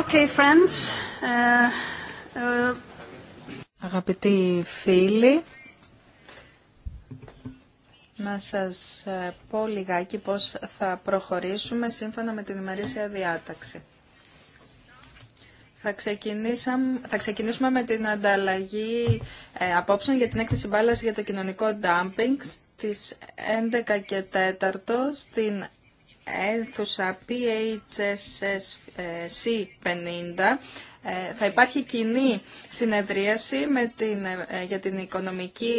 Okay, friends. Uh, uh, Αγαπητοί φίλοι, να σας ε, πω λιγάκι πώς θα προχωρήσουμε σύμφωνα με την ημερήσια διάταξη. Θα, θα ξεκινήσουμε με την ανταλλαγή ε, απόψεων για την έκθεση μπάλας για το κοινωνικό dumping στις 11 και 4 στην αίθουσα PHSC50 ε, θα υπάρχει κοινή συνεδρίαση ε, για την οικονομική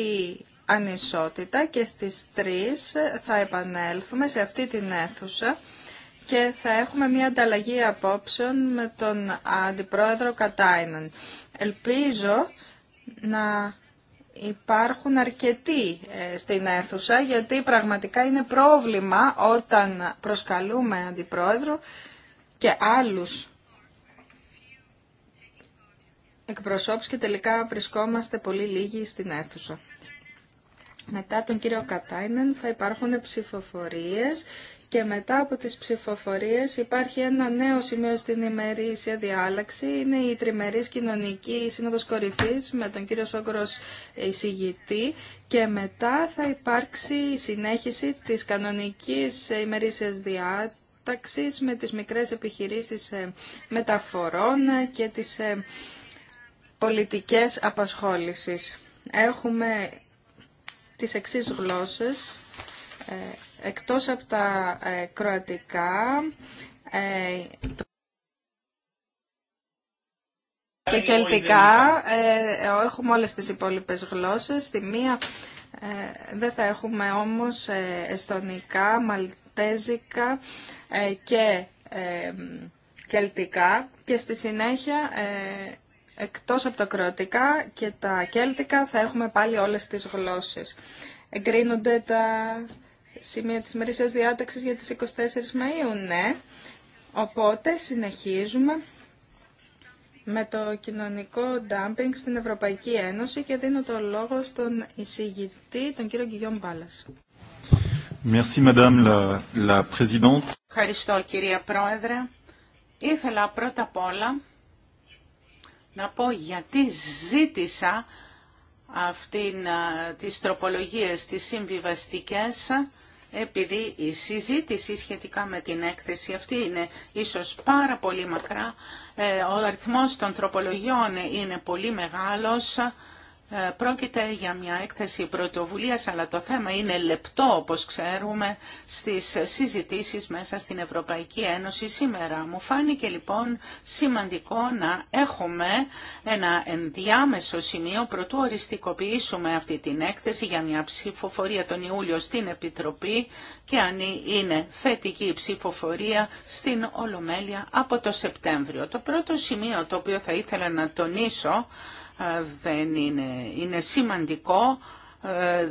ανισότητα και στις 3 θα επανέλθουμε σε αυτή την αίθουσα και θα έχουμε μια ανταλλαγή απόψεων με τον Αντιπρόεδρο Κατάιναν. Ελπίζω να υπάρχουν αρκετοί ε, στην αίθουσα γιατί πραγματικά είναι πρόβλημα όταν προσκαλούμε αντιπρόεδρο και άλλους εκπροσώπους και τελικά βρισκόμαστε πολύ λίγοι στην αίθουσα. Μετά τον κύριο Κατάινεν θα υπάρχουν ψηφοφορίες και μετά από τις ψηφοφορίες υπάρχει ένα νέο σημείο στην ημερήσια διάλαξη. Είναι η τριμερής κοινωνική σύνοδος κορυφής με τον κύριο Σόγκρος εισηγητή και μετά θα υπάρξει η συνέχιση της κανονικής ημερήσιας διάταξης με τις μικρές επιχειρήσεις ε, μεταφορών και τις ε, πολιτικές απασχόλησης. Έχουμε τις εξής γλώσσες ε, Εκτός από τα ε, κροατικά, ε, το... και κελτικά, ε, έχουμε όλες τις υπόλοιπες γλώσσες. Στη μία ε, δεν θα έχουμε όμως εστονικά, μαλτέζικα και κελτικά. Και στη συνέχεια εκτός από τα κροατικά και τα κέλτικα θα έχουμε πάλι όλες τις γλώσσες. Εγκρίνονται τα σημεία της μερίσιας διάταξης για τις 24 Μαΐου, ναι. Οπότε συνεχίζουμε με το κοινωνικό ντάμπινγκ στην Ευρωπαϊκή Ένωση και δίνω το λόγο στον εισηγητή, τον κύριο Γκυγιόν Μπάλας. Merci, Madame la, la Ευχαριστώ κυρία Πρόεδρε. Ήθελα πρώτα απ' όλα να πω γιατί ζήτησα αυτήν, ε, τις τροπολογίες, τις συμβιβαστικές επειδή η συζήτηση σχετικά με την έκθεση αυτή είναι ίσως πάρα πολύ μακρά, ε, ο αριθμός των τροπολογιών είναι πολύ μεγάλος, ε, πρόκειται για μια έκθεση πρωτοβουλίας, αλλά το θέμα είναι λεπτό, όπως ξέρουμε, στις συζητήσεις μέσα στην Ευρωπαϊκή Ένωση σήμερα. Μου φάνηκε λοιπόν σημαντικό να έχουμε ένα ενδιάμεσο σημείο πρωτού οριστικοποιήσουμε αυτή την έκθεση για μια ψηφοφορία τον Ιούλιο στην Επιτροπή και αν είναι θετική η ψηφοφορία στην Ολομέλεια από το Σεπτέμβριο. Το πρώτο σημείο το οποίο θα ήθελα να τονίσω ε, δεν είναι. σημαντικό, ε,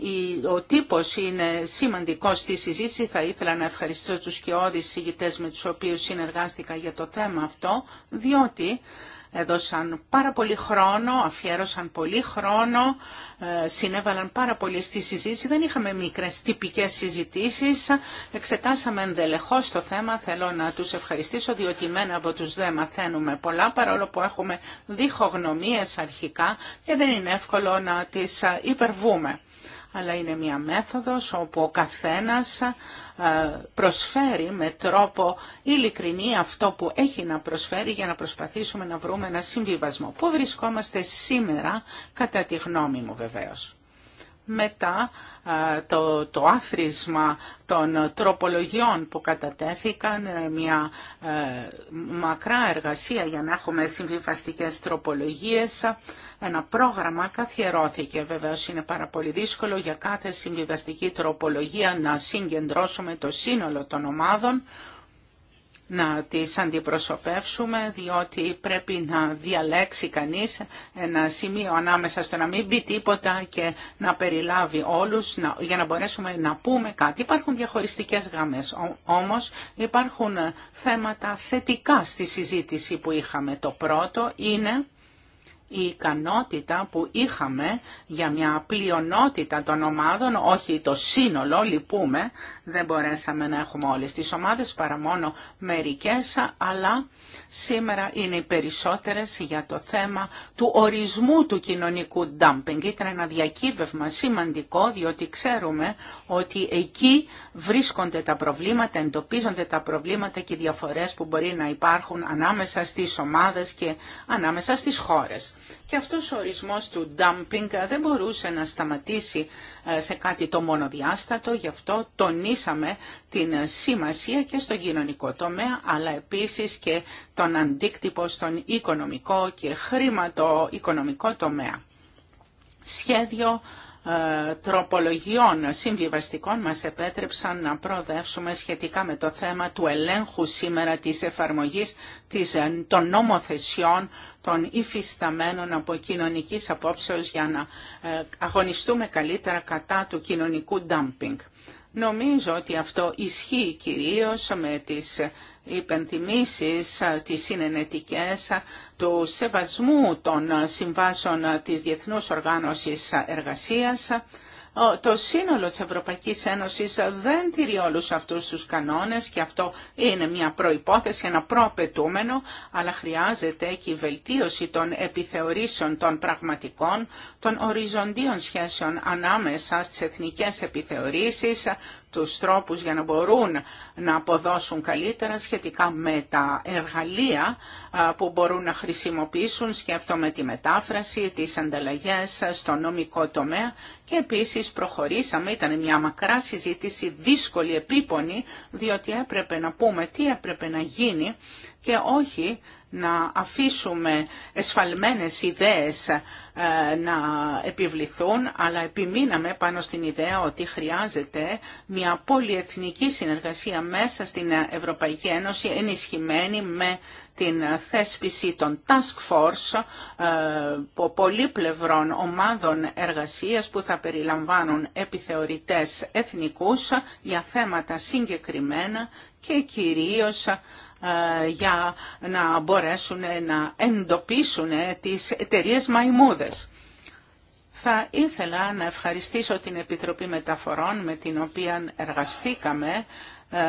η, ο τύπος είναι σημαντικό στη συζήτηση. Θα ήθελα να ευχαριστήσω τους και όδης συγητές με τους οποίους συνεργάστηκα για το θέμα αυτό, διότι έδωσαν πάρα πολύ χρόνο, αφιέρωσαν πολύ χρόνο, ε, συνέβαλαν πάρα πολύ στη συζήτηση. Δεν είχαμε μικρές τυπικές συζητήσεις, εξετάσαμε ενδελεχώς το θέμα. Θέλω να τους ευχαριστήσω διότι μένα από τους δε μαθαίνουμε πολλά παρόλο που έχουμε διχογνωμίες αρχικά και δεν είναι εύκολο να τις ε, υπερβούμε αλλά είναι μια μέθοδος όπου ο καθένας ε, προσφέρει με τρόπο ειλικρινή αυτό που έχει να προσφέρει για να προσπαθήσουμε να βρούμε ένα συμβιβασμό. Πού βρισκόμαστε σήμερα, κατά τη γνώμη μου βεβαίως μετά το, το άθροισμα των τροπολογιών που κατατέθηκαν, ε, μια ε, μακρά εργασία για να έχουμε συμβιβαστικές τροπολογίες, ένα πρόγραμμα καθιερώθηκε. Βεβαίως είναι πάρα πολύ δύσκολο για κάθε συμβιβαστική τροπολογία να συγκεντρώσουμε το σύνολο των ομάδων, να τις αντιπροσωπεύσουμε, διότι πρέπει να διαλέξει κανείς ένα σημείο ανάμεσα στο να μην μπει τίποτα και να περιλάβει όλους για να μπορέσουμε να πούμε κάτι. Υπάρχουν διαχωριστικές γραμμές, όμως υπάρχουν θέματα θετικά στη συζήτηση που είχαμε. Το πρώτο είναι η ικανότητα που είχαμε για μια πλειονότητα των ομάδων, όχι το σύνολο, λυπούμε, δεν μπορέσαμε να έχουμε όλες τις ομάδες παρά μόνο μερικές, αλλά σήμερα είναι οι περισσότερες για το θέμα του ορισμού του κοινωνικού ντάμπινγκ. Ήταν ένα διακύβευμα σημαντικό, διότι ξέρουμε ότι εκεί βρίσκονται τα προβλήματα, εντοπίζονται τα προβλήματα και οι διαφορές που μπορεί να υπάρχουν ανάμεσα στις ομάδες και ανάμεσα στις χώρες. Και αυτός ο ορισμός του dumping δεν μπορούσε να σταματήσει ε, σε κάτι το μονοδιάστατο, γι' αυτό τονίσαμε την σημασία και στον κοινωνικό τομέα, αλλά επίσης και τον αντίκτυπο στον οικονομικό και χρηματοοικονομικό τομέα. Σχέδιο ε, τροπολογιών συμβιβαστικών μας επέτρεψαν να προοδεύσουμε σχετικά με το θέμα του ελέγχου σήμερα της εφαρμογής ε, των νομοθεσιών των υφισταμένων από κοινωνική απόψεως για να ε, αγωνιστούμε καλύτερα κατά του κοινωνικού ντάμπινγκ. Νομίζω ότι αυτό ισχύει κυρίως με τις υπενθυμίσεις, ε, τις συνενετικές ε, του σεβασμού των συμβάσεων της Διεθνούς Οργάνωσης Εργασίας το σύνολο της Ευρωπαϊκής Ένωσης δεν τηρεί όλους αυτούς τους κανόνες και αυτό είναι μια προϋπόθεση, ένα προαπαιτούμενο, αλλά χρειάζεται και η βελτίωση των επιθεωρήσεων των πραγματικών, των οριζοντίων σχέσεων ανάμεσα στις εθνικές επιθεωρήσεις, τους τρόπους για να μπορούν να αποδώσουν καλύτερα σχετικά με τα εργαλεία που μπορούν να χρησιμοποιήσουν. Σκέφτομαι τη μετάφραση, τις ανταλλαγές στο νομικό τομέα και επίσης προχωρήσαμε. Ήταν μια μακρά συζήτηση, δύσκολη, επίπονη, διότι έπρεπε να πούμε τι έπρεπε να γίνει και όχι να αφήσουμε εσφαλμένες ιδέες ε, να επιβληθούν, αλλά επιμείναμε πάνω στην ιδέα ότι χρειάζεται μια πολυεθνική συνεργασία μέσα στην Ευρωπαϊκή Ένωση ενισχυμένη με την θέσπιση των task force ε, πολλήπλευρων ομάδων εργασίας που θα περιλαμβάνουν επιθεωρητές εθνικούς για θέματα συγκεκριμένα και κυρίως ε, ε, για να μπορέσουν να εντοπίσουν τις εταιρείε μαϊμούδες. Θα ήθελα να ευχαριστήσω την Επιτροπή Μεταφορών με την οποία εργαστήκαμε ε,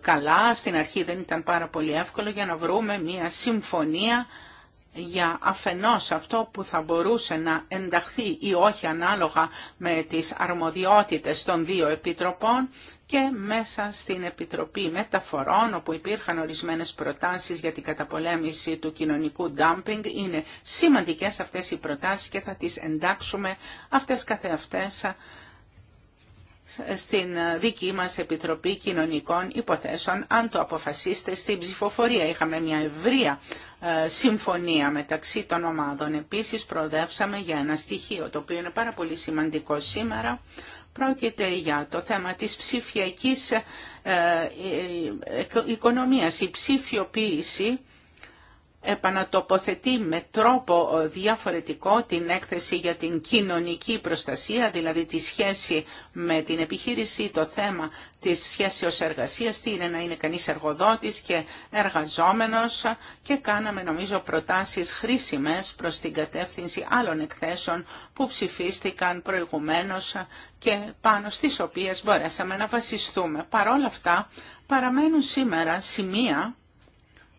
καλά. Στην αρχή δεν ήταν πάρα πολύ εύκολο για να βρούμε μια συμφωνία για αφενός αυτό που θα μπορούσε να ενταχθεί ή όχι ανάλογα με τις αρμοδιότητες των δύο επιτροπών και μέσα στην Επιτροπή Μεταφορών, όπου υπήρχαν ορισμένες προτάσεις για την καταπολέμηση του κοινωνικού ντάμπινγκ, είναι σημαντικές αυτές οι προτάσεις και θα τις εντάξουμε αυτές καθεαυτές στην ε, δική μας Επιτροπή Κοινωνικών Υποθέσεων, αν το αποφασίσετε στην ψηφοφορία. Είχαμε μια ευρεία ε, συμφωνία μεταξύ των ομάδων. Επίσης προοδεύσαμε για ένα στοιχείο το οποίο είναι πάρα πολύ σημαντικό σήμερα. Πρόκειται για το θέμα της ψηφιακής ε, οικονομίας. Η ψηφιοποίηση επανατοποθετεί με τρόπο διαφορετικό την έκθεση για την κοινωνική προστασία, δηλαδή τη σχέση με την επιχείρηση, το θέμα της σχέσεως εργασίας, τι είναι να είναι κανείς εργοδότης και εργαζόμενος και κάναμε νομίζω προτάσεις χρήσιμες προς την κατεύθυνση άλλων εκθέσεων που ψηφίστηκαν προηγουμένως και πάνω στις οποίες μπορέσαμε να βασιστούμε. Παρ' αυτά παραμένουν σήμερα σημεία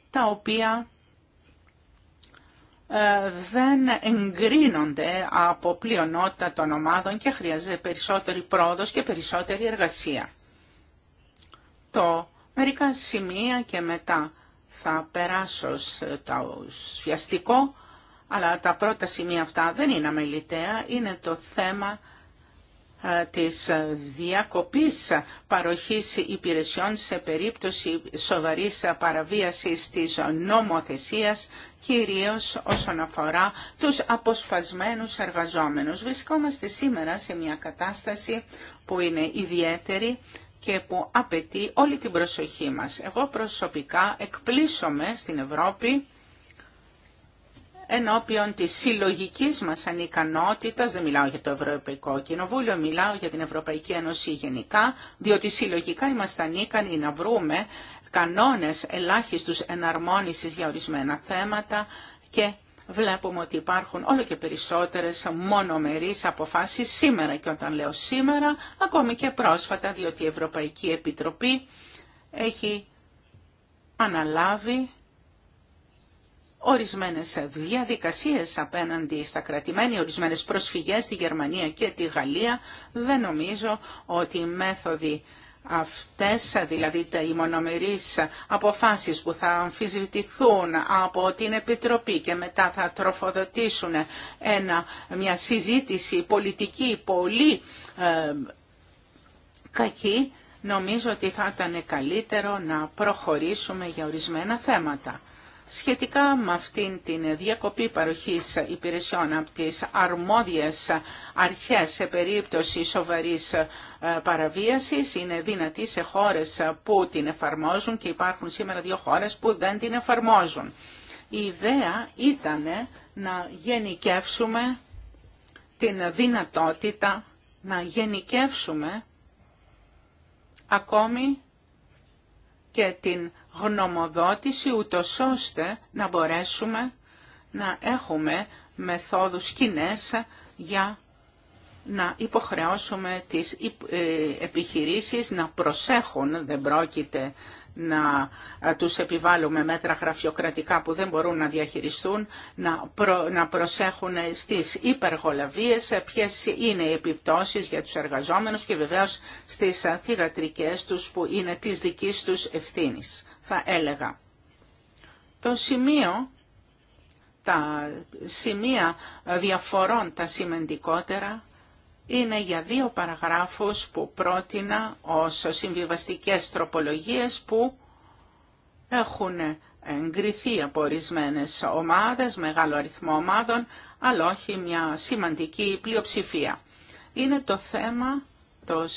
τα οποία ε, δεν εγκρίνονται από πλειονότητα των ομάδων και χρειάζεται περισσότερη πρόοδος και περισσότερη εργασία. Το μερικά σημεία και μετά θα περάσω στο σφιαστικό, αλλά τα πρώτα σημεία αυτά δεν είναι αμεληταία, είναι το θέμα ε, της διακοπής παροχής υπηρεσιών σε περίπτωση σοβαρής παραβίασης της νομοθεσίας κυρίως όσον αφορά τους αποσφασμένους εργαζόμενους. Βρισκόμαστε σήμερα σε μια κατάσταση που είναι ιδιαίτερη και που απαιτεί όλη την προσοχή μας. Εγώ προσωπικά εκπλήσωμαι στην Ευρώπη ενώπιον της συλλογικής μας ανικανότητας, δεν μιλάω για το Ευρωπαϊκό Κοινοβούλιο, μιλάω για την Ευρωπαϊκή Ένωση γενικά, διότι συλλογικά είμαστε ανίκανοι να βρούμε κανόνες ελάχιστους εναρμόνισης για ορισμένα θέματα και βλέπουμε ότι υπάρχουν όλο και περισσότερες μονομερείς αποφάσεις σήμερα και όταν λέω σήμερα, ακόμη και πρόσφατα, διότι η Ευρωπαϊκή Επιτροπή έχει αναλάβει ορισμένες διαδικασίες απέναντι στα κρατημένη, ορισμένες προσφυγές στη Γερμανία και τη Γαλλία. Δεν νομίζω ότι οι μέθοδοι αυτές, δηλαδή τα μονομερείς αποφάσεις που θα αμφισβητηθούν από την Επιτροπή και μετά θα τροφοδοτήσουν ένα, μια συζήτηση πολιτική πολύ ε, κακή, νομίζω ότι θα ήταν καλύτερο να προχωρήσουμε για ορισμένα θέματα σχετικά με αυτήν την διακοπή παροχής υπηρεσιών από τις αρμόδιες αρχές σε περίπτωση σοβαρής ε, παραβίασης είναι δυνατή σε χώρες που την εφαρμόζουν και υπάρχουν σήμερα δύο χώρες που δεν την εφαρμόζουν. Η ιδέα ήταν να γενικεύσουμε την δυνατότητα να γενικεύσουμε ακόμη και την γνωμοδότηση ούτως ώστε να μπορέσουμε να έχουμε μεθόδους κοινέ για να υποχρεώσουμε τις ε, επιχειρήσεις να προσέχουν, δεν πρόκειται να ε, τους επιβάλλουμε μέτρα γραφειοκρατικά που δεν μπορούν να διαχειριστούν, να, να προσέχουν στις υπεργολαβίες, ποιες είναι οι επιπτώσεις για τους εργαζόμενους και βεβαίως στις ε, θηγατρικές τους που είναι της δικής τους ευθύνης, θα έλεγα. Το σημείο, τα σημεία ε, διαφορών τα σημαντικότερα είναι για δύο παραγράφους που πρότεινα ως συμβιβαστικές τροπολογίες που έχουν εγκριθεί από ορισμένε ομάδες, μεγάλο αριθμό ομάδων, αλλά όχι μια σημαντική πλειοψηφία. Είναι το θέμα το,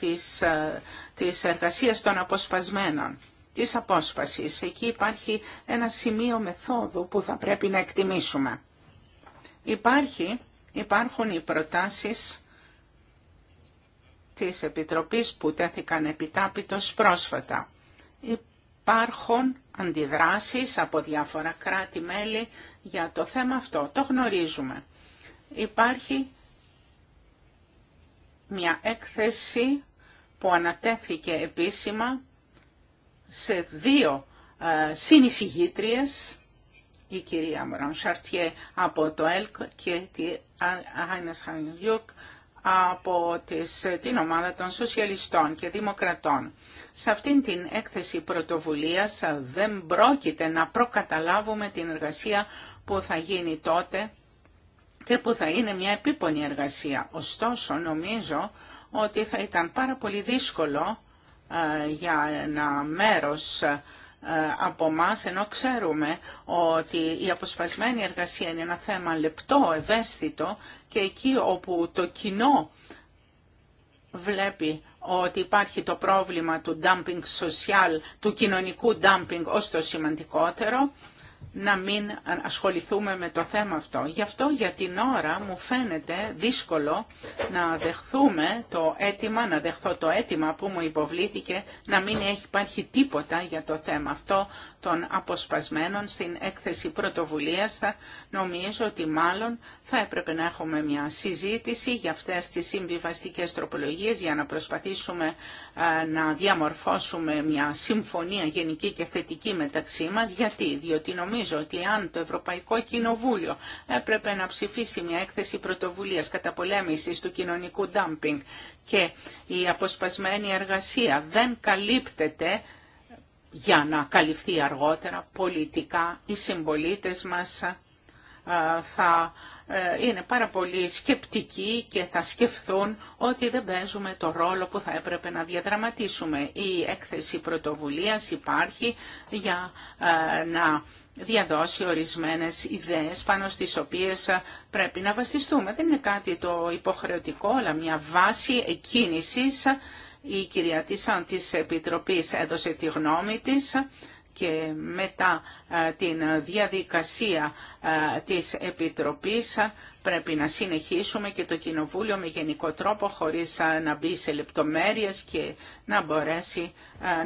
της, ε, της εργασίας των αποσπασμένων, της απόσπασης. Εκεί υπάρχει ένα σημείο μεθόδου που θα πρέπει να εκτιμήσουμε. Υπάρχει Υπάρχουν οι προτάσεις της Επιτροπής που τέθηκαν επιτάπητος πρόσφατα. Υπάρχουν αντιδράσεις από διάφορα κράτη-μέλη για το θέμα αυτό. Το γνωρίζουμε. Υπάρχει μια έκθεση που ανατέθηκε επίσημα σε δύο ε, η κυρία Μρονσαρτιέ Σαρτιέ από το ΕΛΚ και τη από τις, την ομάδα των Σοσιαλιστών και Δημοκρατών. Σε αυτήν την έκθεση πρωτοβουλίας δεν πρόκειται να προκαταλάβουμε την εργασία που θα γίνει τότε και που θα είναι μια επίπονη εργασία. Ωστόσο, νομίζω ότι θα ήταν πάρα πολύ δύσκολο ε, για ένα μέρος ε, από εμά, ενώ ξέρουμε ότι η αποσπασμένη εργασία είναι ένα θέμα λεπτό, ευαίσθητο και εκεί όπου το κοινό βλέπει ότι υπάρχει το πρόβλημα του dumping social, του κοινωνικού dumping ως το σημαντικότερο, να μην ασχοληθούμε με το θέμα αυτό. Γι' αυτό για την ώρα μου φαίνεται δύσκολο να δεχθούμε το αίτημα, να δεχθώ το αίτημα που μου υποβλήθηκε να μην έχει υπάρχει τίποτα για το θέμα αυτό των αποσπασμένων στην έκθεση πρωτοβουλίας, θα νομίζω ότι μάλλον θα έπρεπε να έχουμε μια συζήτηση για αυτές τις συμβιβαστικές τροπολογίες για να προσπαθήσουμε να διαμορφώσουμε μια συμφωνία γενική και θετική μεταξύ μας. Γιατί, διότι νομίζω ότι αν το Ευρωπαϊκό Κοινοβούλιο έπρεπε να ψηφίσει μια έκθεση πρωτοβουλίας καταπολέμησης του κοινωνικού ντάμπινγκ και η αποσπασμένη εργασία δεν καλύπτεται για να καλυφθεί αργότερα πολιτικά οι συμπολίτες μας ε, θα ε, είναι πάρα πολύ σκεπτικοί και θα σκεφτούν ότι δεν παίζουμε το ρόλο που θα έπρεπε να διαδραματίσουμε. Η έκθεση πρωτοβουλίας υπάρχει για ε, να διαδώσει ορισμένες ιδέες πάνω στις οποίες πρέπει να βασιστούμε. Δεν είναι κάτι το υποχρεωτικό, αλλά μια βάση εκκίνησης η κυρία Τίσαν της Επιτροπής έδωσε τη γνώμη της και μετά ε, την διαδικασία ε, της Επιτροπής πρέπει να συνεχίσουμε και το Κοινοβούλιο με γενικό τρόπο χωρίς να μπει σε λεπτομέρειες και να μπορέσει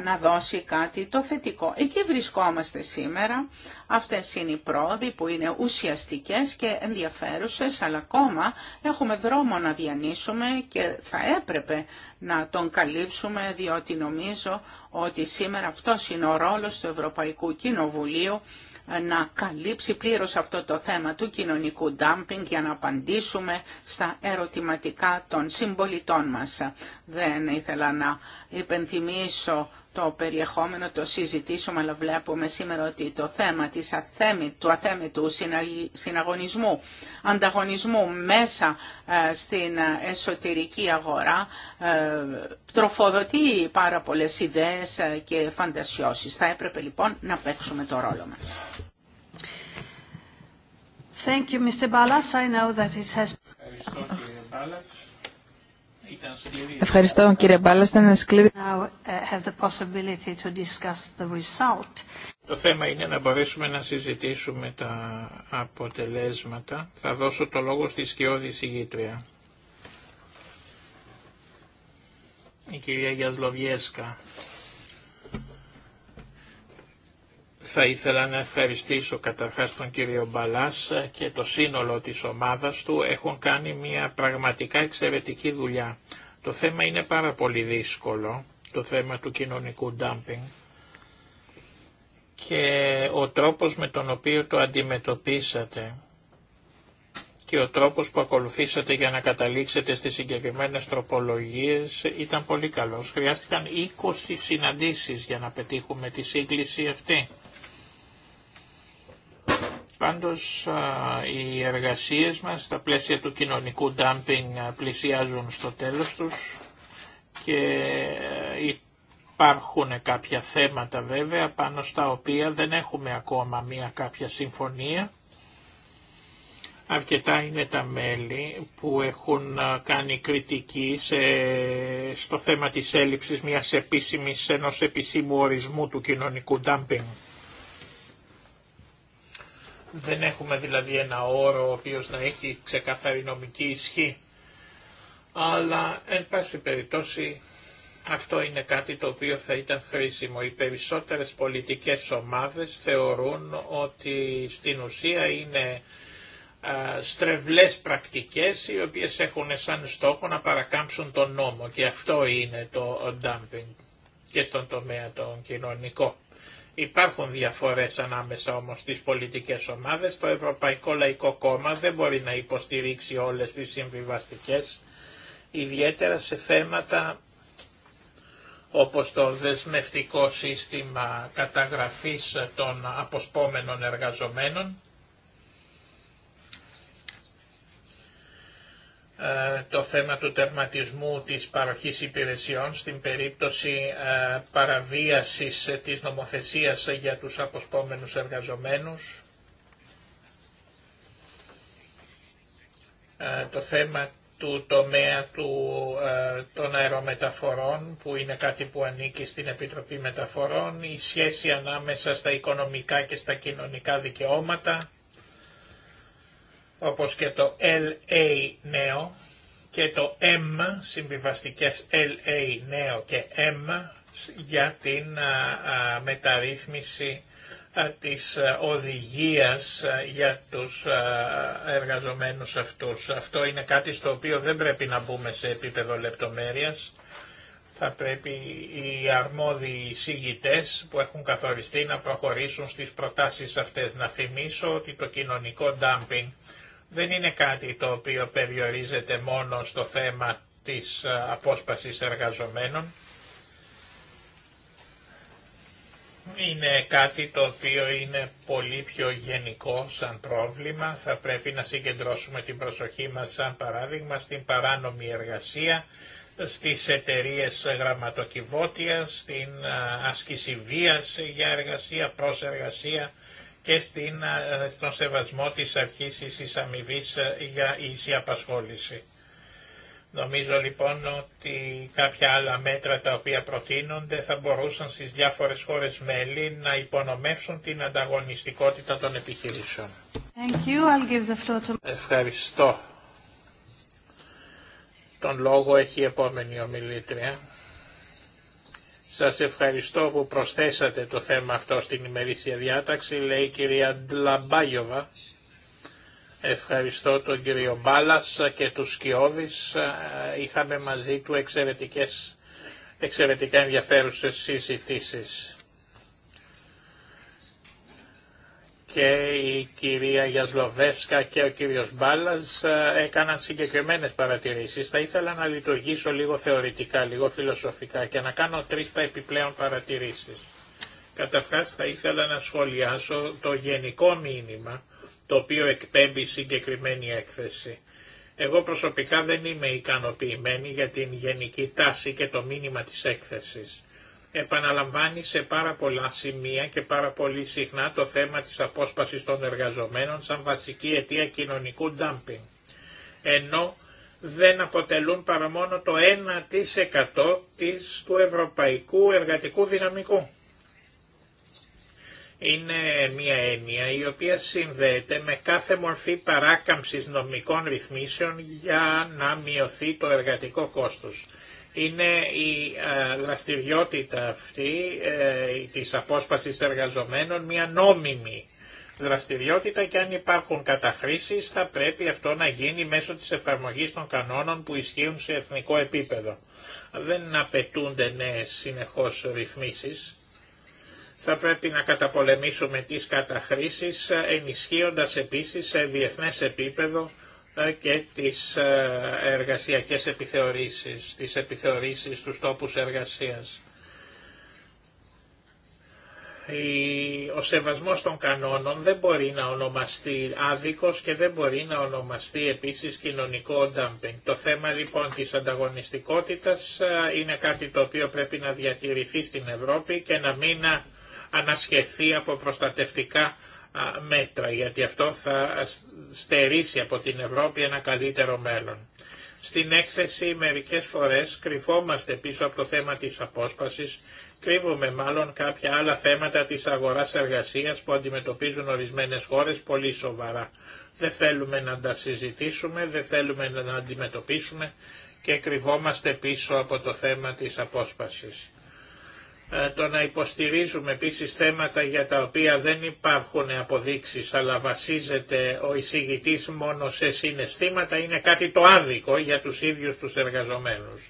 να δώσει κάτι το θετικό. Εκεί βρισκόμαστε σήμερα. Αυτές είναι οι πρόοδοι που είναι ουσιαστικές και ενδιαφέρουσες, αλλά ακόμα έχουμε δρόμο να διανύσουμε και θα έπρεπε να τον καλύψουμε, διότι νομίζω ότι σήμερα αυτός είναι ο ρόλος του Ευρωπαϊκού Κοινοβουλίου να καλύψει πλήρως αυτό το θέμα του κοινωνικού ντάμπινγκ για να απαντήσουμε στα ερωτηματικά των συμπολιτών μας. Δεν ήθελα να υπενθυμίσω το περιεχόμενο το συζητήσουμε, αλλά βλέπουμε σήμερα ότι το θέμα της αθέμη, του αθέμητου συναγωνισμού, ανταγωνισμού μέσα ε, στην εσωτερική αγορά ε, τροφοδοτεί πάρα πολλές ιδέες ε, και φαντασιώσεις. Θα έπρεπε λοιπόν να παίξουμε το ρόλο μας. Ευχαριστώ, κύριε Ευχαριστώ κύριε Μπάλλα. σκληρή. Uh, το θέμα είναι να μπορέσουμε να συζητήσουμε τα αποτελέσματα. Θα δώσω το λόγο στη σκιώδη συγγήτρια. Η κυρία Γιασλοβιέσκα. Θα ήθελα να ευχαριστήσω καταρχάς τον κύριο Μπαλάς και το σύνολο της ομάδας του έχουν κάνει μια πραγματικά εξαιρετική δουλειά. Το θέμα είναι πάρα πολύ δύσκολο, το θέμα του κοινωνικού ντάμπινγκ και ο τρόπος με τον οποίο το αντιμετωπίσατε και ο τρόπος που ακολουθήσατε για να καταλήξετε στις συγκεκριμένες τροπολογίες ήταν πολύ καλός. Χρειάστηκαν 20 συναντήσεις για να πετύχουμε τη σύγκληση αυτή. Πάντως οι εργασίες μας στα πλαίσια του κοινωνικού ντάμπινγκ πλησιάζουν στο τέλος τους και ε, υπάρχουν κάποια θέματα βέβαια πάνω στα οποία δεν έχουμε ακόμα μία κάποια συμφωνία. Αρκετά είναι τα μέλη που έχουν κάνει κριτική σε, στο θέμα της έλλειψης μιας επίσημης, ενός επισήμου ορισμού του κοινωνικού ντάμπινγκ. Δεν έχουμε δηλαδή ένα όρο ο οποίος να έχει ξεκαθαρή νομική ισχύ. Αλλά εν πάση περιπτώσει αυτό είναι κάτι το οποίο θα ήταν χρήσιμο. Οι περισσότερες πολιτικές ομάδες θεωρούν ότι στην ουσία είναι στρεβλές πρακτικές οι οποίες έχουν σαν στόχο να παρακάμψουν τον νόμο και αυτό είναι το dumping και στον τομέα τον κοινωνικό. Υπάρχουν διαφορές ανάμεσα όμως στις πολιτικές ομάδες. Το Ευρωπαϊκό Λαϊκό Κόμμα δεν μπορεί να υποστηρίξει όλες τις συμβιβαστικές, ιδιαίτερα σε θέματα όπως το δεσμευτικό σύστημα καταγραφής των αποσπόμενων εργαζομένων Ε, το θέμα του τερματισμού της παροχής υπηρεσιών στην περίπτωση ε, παραβίασης της νομοθεσίας για τους αποσπόμενους εργαζομένους, ε, το θέμα του τομέα του, των αερομεταφορών που είναι κάτι που ανήκει στην Επιτροπή Μεταφορών, η σχέση ανάμεσα στα οικονομικά και στα κοινωνικά δικαιώματα, όπως και το LA νέο και το M, συμβιβαστικές LA νέο και M για την μεταρρύθμιση της οδηγίας για τους εργαζομένους αυτούς. Αυτό είναι κάτι στο οποίο δεν πρέπει να μπούμε σε επίπεδο λεπτομέρειας. Θα πρέπει οι αρμόδιοι εισηγητές που έχουν καθοριστεί να προχωρήσουν στις προτάσεις αυτές. Να θυμίσω ότι το κοινωνικό dumping δεν είναι κάτι το οποίο περιορίζεται μόνο στο θέμα της ε, απόσπασης εργαζομένων. Είναι κάτι το οποίο είναι πολύ πιο γενικό σαν πρόβλημα. Θα πρέπει να συγκεντρώσουμε την προσοχή μας σαν παράδειγμα στην παράνομη εργασία, στις εταιρείες γραμματοκιβώτια, στην ε, άσκηση βίας για εργασία, προς εργασία, και στην, στον σεβασμό της αρχής ίσης αμοιβής για ίση απασχόληση. Νομίζω λοιπόν ότι κάποια άλλα μέτρα τα οποία προτείνονται θα μπορούσαν στις διάφορες χώρες μέλη να υπονομεύσουν την ανταγωνιστικότητα των επιχειρήσεων. Ευχαριστώ. Τον λόγο έχει η επόμενη ομιλήτρια. Σας ευχαριστώ που προσθέσατε το θέμα αυτό στην ημερήσια διάταξη, λέει η κυρία Ντλαμπάγιοβα. Ευχαριστώ τον κύριο Μπάλας και τους Σκιώδης. Είχαμε μαζί του εξαιρετικές, εξαιρετικά ενδιαφέρουσες συζητήσεις. και η κυρία Γιασλοβέσκα και ο κύριος Μπάλας ε, έκαναν συγκεκριμένες παρατηρήσεις. Θα ήθελα να λειτουργήσω λίγο θεωρητικά, λίγο φιλοσοφικά και να κάνω τρεις τα επιπλέον παρατηρήσεις. Καταρχάς θα ήθελα να σχολιάσω το γενικό μήνυμα το οποίο εκπέμπει η συγκεκριμένη έκθεση. Εγώ προσωπικά δεν είμαι ικανοποιημένη για την γενική τάση και το μήνυμα της έκθεσης επαναλαμβάνει σε πάρα πολλά σημεία και πάρα πολύ συχνά το θέμα της απόσπασης των εργαζομένων σαν βασική αιτία κοινωνικού ντάμπινγκ. Ενώ δεν αποτελούν παρά μόνο το 1% της, του ευρωπαϊκού εργατικού δυναμικού. Είναι μια έννοια η οποία συνδέεται με κάθε μορφή παράκαμψης νομικών ρυθμίσεων για να μειωθεί το εργατικό κόστος είναι η ε, δραστηριότητα αυτή ε, της απόσπασης εργαζομένων μια νόμιμη δραστηριότητα και αν υπάρχουν καταχρήσεις θα πρέπει αυτό να γίνει μέσω της εφαρμογής των κανόνων που ισχύουν σε εθνικό επίπεδο. Δεν απαιτούνται νέες συνεχώς ρυθμίσεις. Θα πρέπει να καταπολεμήσουμε τις καταχρήσεις ενισχύοντας επίσης σε διεθνές επίπεδο και τις ε, εργασιακές επιθεωρήσεις, τις επιθεωρήσεις στους τόπους εργασίας. Ο σεβασμός των κανόνων δεν μπορεί να ονομαστεί άδικος και δεν μπορεί να ονομαστεί επίσης κοινωνικό ντάμπινγκ. Το θέμα λοιπόν της ανταγωνιστικότητας ε, είναι κάτι το οποίο πρέπει να διατηρηθεί στην Ευρώπη και να μην ανασχεθεί από προστατευτικά μέτρα, γιατί αυτό θα στερήσει από την Ευρώπη ένα καλύτερο μέλλον. Στην έκθεση μερικές φορές κρυφόμαστε πίσω από το θέμα της απόσπασης, κρύβουμε μάλλον κάποια άλλα θέματα της αγοράς εργασίας που αντιμετωπίζουν ορισμένες χώρες πολύ σοβαρά. Δεν θέλουμε να τα συζητήσουμε, δεν θέλουμε να τα αντιμετωπίσουμε και κρυβόμαστε πίσω από το θέμα της απόσπασης. Ε, το να υποστηρίζουμε επίσης θέματα για τα οποία δεν υπάρχουν αποδείξεις αλλά βασίζεται ο εισηγητής μόνο σε συναισθήματα είναι κάτι το άδικο για τους ίδιους τους εργαζομένους.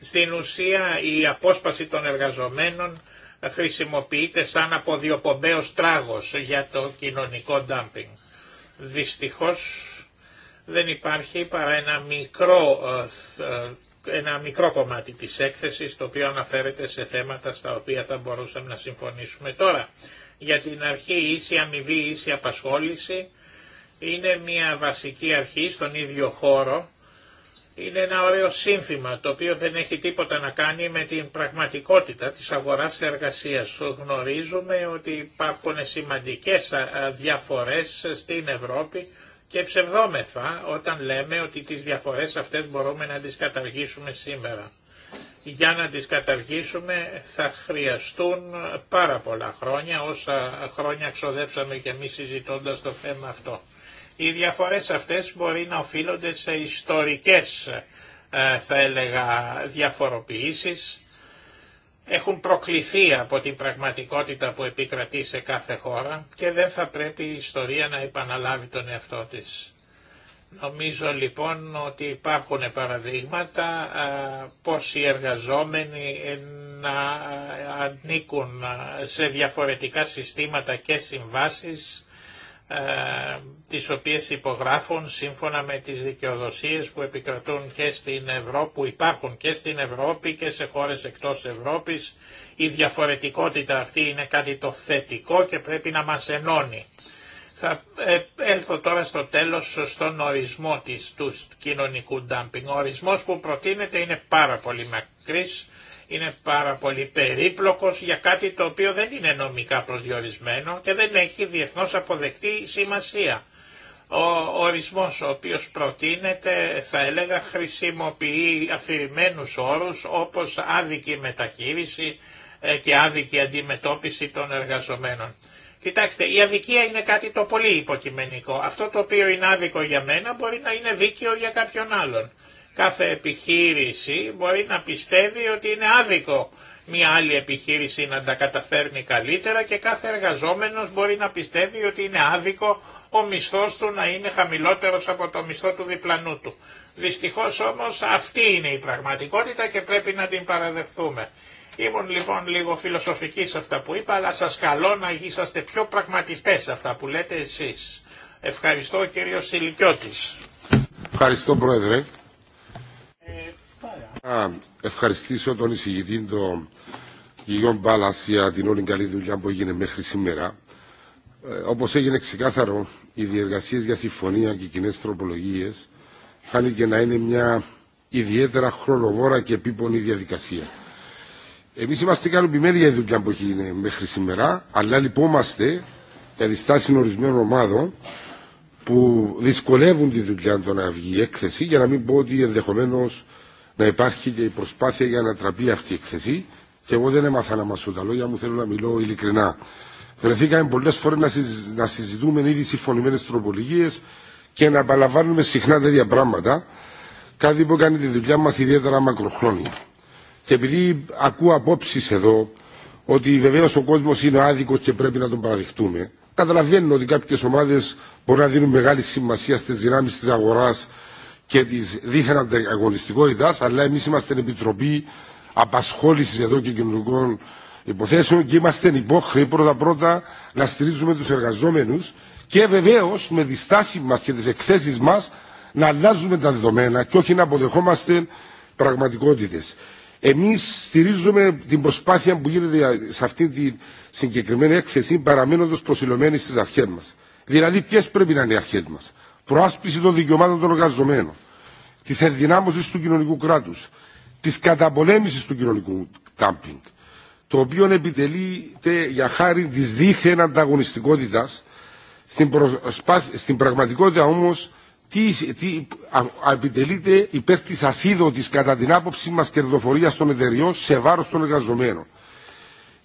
Στην ουσία η απόσπαση των εργαζομένων χρησιμοποιείται σαν αποδιοπομπαίος τράγος για το κοινωνικό ντάμπινγκ. Δυστυχώς δεν υπάρχει παρά ένα μικρό ε, ένα μικρό κομμάτι της έκθεσης το οποίο αναφέρεται σε θέματα στα οποία θα μπορούσαμε να συμφωνήσουμε τώρα. Για την αρχή ίση αμοιβή, ίση απασχόληση είναι μια βασική αρχή στον ίδιο χώρο. Είναι ένα ωραίο σύνθημα το οποίο δεν έχει τίποτα να κάνει με την πραγματικότητα της αγοράς εργασίας. Γνωρίζουμε ότι υπάρχουν σημαντικές διαφορές στην Ευρώπη και ψευδόμεθα όταν λέμε ότι τις διαφορές αυτές μπορούμε να τις καταργήσουμε σήμερα. Για να τις καταργήσουμε θα χρειαστούν πάρα πολλά χρόνια, όσα χρόνια ξοδέψαμε και εμείς συζητώντα το θέμα αυτό. Οι διαφορές αυτές μπορεί να οφείλονται σε ιστορικές, ε, θα έλεγα, διαφοροποιήσεις, έχουν προκληθεί από την πραγματικότητα που επικρατεί σε κάθε χώρα και δεν θα πρέπει η ιστορία να επαναλάβει τον εαυτό της. Νομίζω λοιπόν ότι υπάρχουν παραδείγματα πως οι εργαζόμενοι ε, να ε, ανήκουν ε, σε διαφορετικά συστήματα και συμβάσεις ε, τις οποίες υπογράφουν σύμφωνα με τις δικαιοδοσίες που επικρατούν και στην Ευρώπη, που υπάρχουν και στην Ευρώπη και σε χώρες εκτός Ευρώπης. Η διαφορετικότητα αυτή είναι κάτι το θετικό και πρέπει να μας ενώνει. Θα ε, έλθω τώρα στο τέλος στον ορισμό της, του κοινωνικού ντάμπινγκ. Ο ορισμός που προτείνεται είναι πάρα πολύ μακρύς είναι πάρα πολύ περίπλοκος για κάτι το οποίο δεν είναι νομικά προσδιορισμένο και δεν έχει διεθνώς αποδεκτή σημασία. Ο ορισμός ο οποίος προτείνεται θα έλεγα χρησιμοποιεί αφηρημένους όρους όπως άδικη μεταχείριση ε, και άδικη αντιμετώπιση των εργαζομένων. Κοιτάξτε, η αδικία είναι κάτι το πολύ υποκειμενικό. Αυτό το οποίο είναι άδικο για μένα μπορεί να είναι δίκαιο για κάποιον άλλον. Κάθε επιχείρηση μπορεί να πιστεύει ότι είναι άδικο μια άλλη επιχείρηση να τα καταφέρνει καλύτερα και κάθε εργαζόμενος μπορεί να πιστεύει ότι είναι άδικο ο μισθός του να είναι χαμηλότερος από το μισθό του διπλανού του. Δυστυχώς όμως αυτή είναι η πραγματικότητα και πρέπει να την παραδεχθούμε. Ήμουν λοιπόν λίγο φιλοσοφική σε αυτά που είπα, αλλά σας καλώ να είσαστε πιο πραγματιστές σε αυτά που λέτε εσείς. Ευχαριστώ κύριο Σιλικιώτης. Ευχαριστώ Πρόεδρε. Να ευχαριστήσω τον εισηγητή τον Γιώργο Μπάλα για την όλη καλή δουλειά που έγινε μέχρι σήμερα. Ε, όπως έγινε ξεκάθαρο, οι διεργασίε για συμφωνία και κοινέ τροπολογίε φάνηκε να είναι μια ιδιαίτερα χρονοβόρα και επίπονη διαδικασία. Εμεί είμαστε ικανοποιημένοι για τη δουλειά που έχει μέχρι σήμερα, αλλά λυπόμαστε για τη στάση ορισμένων ομάδων που δυσκολεύουν τη δουλειά του να βγει η έκθεση, για να μην πω ότι ενδεχομένω να υπάρχει και η προσπάθεια για να τραπεί αυτή η εκθεσή και εγώ δεν έμαθα να μασώ τα λόγια μου, θέλω να μιλώ ειλικρινά. Βρεθήκαμε πολλέ φορέ να, συζητούμε ήδη συμφωνημένε τροπολογίε και να απαλαμβάνουμε συχνά τέτοια πράγματα. Κάτι που κάνει τη δουλειά μα ιδιαίτερα μακροχρόνια. Και επειδή ακούω απόψει εδώ ότι βεβαίω ο κόσμο είναι άδικο και πρέπει να τον παραδειχτούμε, καταλαβαίνω ότι κάποιε ομάδε μπορεί να δίνουν μεγάλη σημασία στι δυνάμει τη αγορά και τη δίθεν ανταγωνιστικότητα, αλλά εμεί είμαστε την Επιτροπή Απασχόληση εδώ και Κοινωνικών Υποθέσεων και είμαστε υπόχρεοι πρώτα-πρώτα να στηρίζουμε του εργαζόμενου και βεβαίω με τη στάση μα και τι εκθέσει μα να αλλάζουμε τα δεδομένα και όχι να αποδεχόμαστε πραγματικότητε. Εμεί στηρίζουμε την προσπάθεια που γίνεται σε αυτή τη συγκεκριμένη έκθεση παραμένοντα προσιλωμένοι στι αρχέ μα. Δηλαδή, ποιε πρέπει να είναι οι αρχέ μα προάσπιση των δικαιωμάτων των εργαζομένων, τη ενδυνάμωση του κοινωνικού κράτου, τη καταπολέμηση του κοινωνικού κάμπινγκ, το οποίο επιτελείται για χάρη τη δίθεν ανταγωνιστικότητα, στην, στην πραγματικότητα όμω τι, τι α... επιτελείται υπέρ τη ασίδωτη κατά την άποψή μα κερδοφορία των εταιριών σε βάρο των εργαζομένων.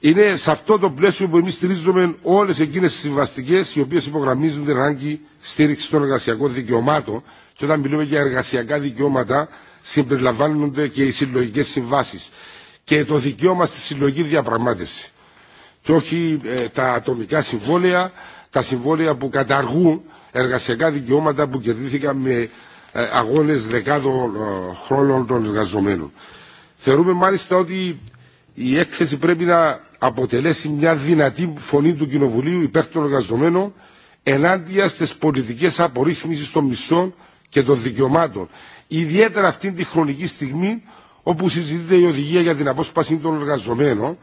Είναι σε αυτό το πλαίσιο που εμεί στηρίζουμε όλε εκείνε τι συμβαστικέ οι οποίε υπογραμμίζουν την ανάγκη στήριξη των εργασιακών δικαιωμάτων και όταν μιλούμε για εργασιακά δικαιώματα συμπεριλαμβάνονται και οι συλλογικέ συμβάσει και το δικαίωμα στη συλλογική διαπραγμάτευση. Και όχι ε, τα ατομικά συμβόλαια, τα συμβόλαια που καταργούν εργασιακά δικαιώματα που κερδίθηκαν με ε, αγώνε δεκάδων ε, χρόνων των εργαζομένων. Θεωρούμε μάλιστα ότι η έκθεση πρέπει να αποτελέσει μια δυνατή φωνή του Κοινοβουλίου υπέρ των εργαζομένων ενάντια στις πολιτικές απορρίθμισης των μισών και των δικαιωμάτων. Ιδιαίτερα αυτή τη χρονική στιγμή όπου συζητείται η οδηγία για την απόσπαση των εργαζομένων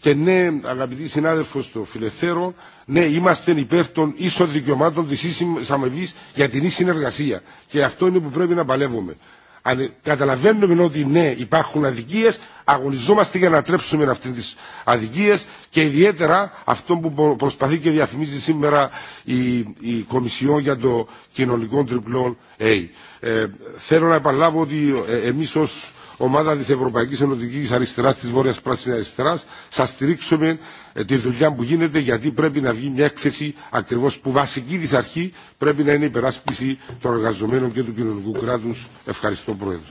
και ναι, αγαπητοί συνάδελφο στο Φιλεθέρο, ναι, είμαστε υπέρ των ίσων δικαιωμάτων τη ίση αμοιβή για την ίση συνεργασία. Και αυτό είναι που πρέπει να παλεύουμε. Αν καταλαβαίνουμε ότι ναι υπάρχουν αδικίες, αγωνιζόμαστε για να τρέψουμε αυτές τι αδικίες και ιδιαίτερα αυτό που προσπαθεί και διαφημίζει σήμερα η, η Κομισιόν για το κοινωνικό τριπλό A. Ε, θέλω να επαναλάβω ότι ε, εμεί ω ομάδα της Ευρωπαϊκής Ενωτικής Αριστεράς, της Βόρειας Πράσινης Αριστεράς, σα στηρίξουμε ε, τη δουλειά που γίνεται, γιατί πρέπει να βγει μια έκθεση ακριβώς που βασική της αρχή πρέπει να είναι η περάσπιση των εργαζομένων και του κοινωνικού κράτους. Ευχαριστώ, Πρόεδρε.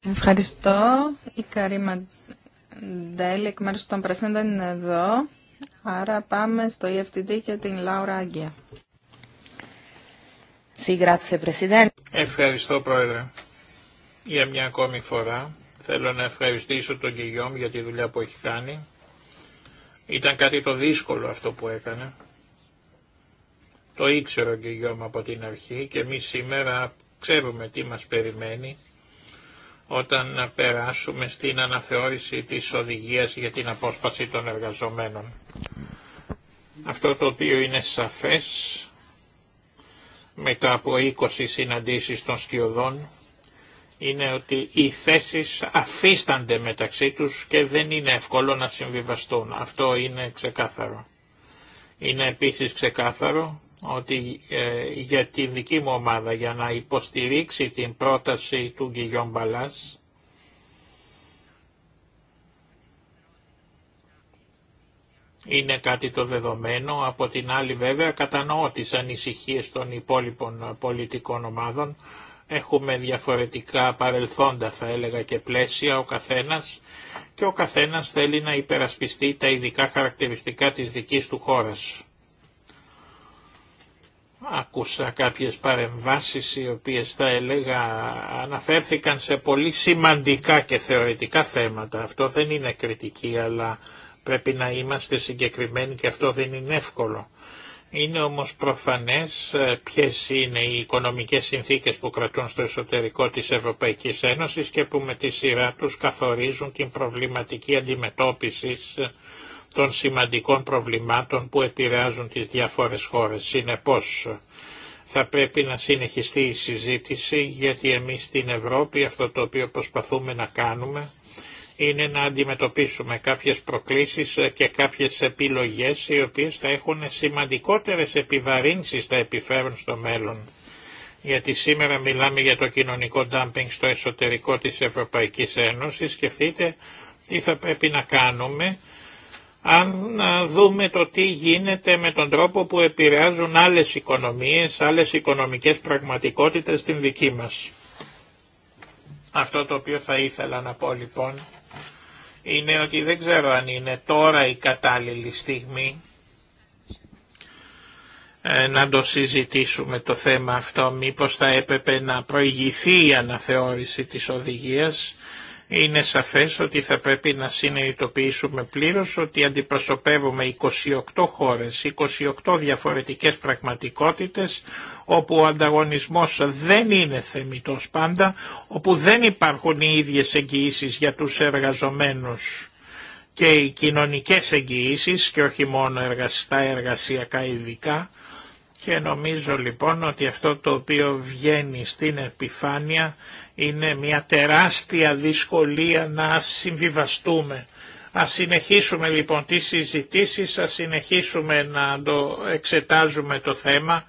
Ευχαριστώ. Η Καρίμα Ντέλ εκ μέρους των Πρεσέντων είναι εδώ. Άρα πάμε στο EFTD και την Λάουρα Άγγια. Ευχαριστώ Πρόεδρε. Για μια ακόμη φορά θέλω να ευχαριστήσω τον Γιώμ για τη δουλειά που έχει κάνει. Ήταν κάτι το δύσκολο αυτό που έκανε. Το ήξερε ο Γιώμ, από την αρχή και εμεί σήμερα ξέρουμε τι μας περιμένει όταν να περάσουμε στην αναθεώρηση της οδηγίας για την απόσπαση των εργαζομένων. Αυτό το οποίο είναι σαφές μετά από 20 συναντήσεις των σκιωδών είναι ότι οι θέσεις αφίστανται μεταξύ τους και δεν είναι εύκολο να συμβιβαστούν. Αυτό είναι ξεκάθαρο. Είναι επίσης ξεκάθαρο ότι ε, για τη δική μου ομάδα για να υποστηρίξει την πρόταση του Γκυγιόν Μπαλάς είναι κάτι το δεδομένο. Από την άλλη βέβαια κατανοώ τις ανησυχίες των υπόλοιπων πολιτικών ομάδων. Έχουμε διαφορετικά παρελθόντα θα έλεγα και πλαίσια ο καθένας και ο καθένας θέλει να υπερασπιστεί τα ειδικά χαρακτηριστικά της δικής του χώρας. Ακούσα κάποιες παρεμβάσεις οι οποίες θα έλεγα αναφέρθηκαν σε πολύ σημαντικά και θεωρητικά θέματα. Αυτό δεν είναι κριτική αλλά Πρέπει να είμαστε συγκεκριμένοι και αυτό δεν είναι εύκολο. Είναι όμως προφανές ε, ποιες είναι οι οικονομικές συνθήκες που κρατούν στο εσωτερικό της Ευρωπαϊκής Ένωσης και που με τη σειρά τους καθορίζουν την προβληματική αντιμετώπιση ε, των σημαντικών προβλημάτων που επηρεάζουν τις διάφορες χώρες. Συνεπώς ε, θα πρέπει να συνεχιστεί η συζήτηση γιατί εμείς στην Ευρώπη αυτό το οποίο προσπαθούμε να κάνουμε είναι να αντιμετωπίσουμε κάποιες προκλήσεις ε, και κάποιες επιλογές οι οποίες θα έχουν σημαντικότερες επιβαρύνσεις θα επιφέρουν στο μέλλον. Γιατί σήμερα μιλάμε για το κοινωνικό ντάμπινγκ στο εσωτερικό της Ευρωπαϊκής Ένωσης. Σκεφτείτε τι θα πρέπει να κάνουμε αν δούμε το τι γίνεται με τον τρόπο που επηρεάζουν άλλες οικονομίες, άλλες οικονομικές πραγματικότητες στην δική μας. Αυτό το οποίο θα ήθελα να πω λοιπόν είναι ότι δεν ξέρω αν είναι τώρα η κατάλληλη στιγμή ε, να το συζητήσουμε το θέμα αυτό. Μήπως θα έπρεπε να προηγηθεί η αναθεώρηση της οδηγίας είναι σαφές ότι θα πρέπει να συνειδητοποιήσουμε πλήρως ότι αντιπροσωπεύουμε 28 χώρες, 28 διαφορετικές πραγματικότητες, όπου ο ανταγωνισμός δεν είναι θεμητός πάντα, όπου δεν υπάρχουν οι ίδιες εγγυήσεις για τους εργαζομένους και οι κοινωνικές εγγυήσεις και όχι μόνο στα εργασιακά ειδικά, και νομίζω λοιπόν ότι αυτό το οποίο βγαίνει στην επιφάνεια είναι μια τεράστια δυσκολία να συμβιβαστούμε. Α συνεχίσουμε λοιπόν τις συζητήσεις, ας συνεχίσουμε να το εξετάζουμε το θέμα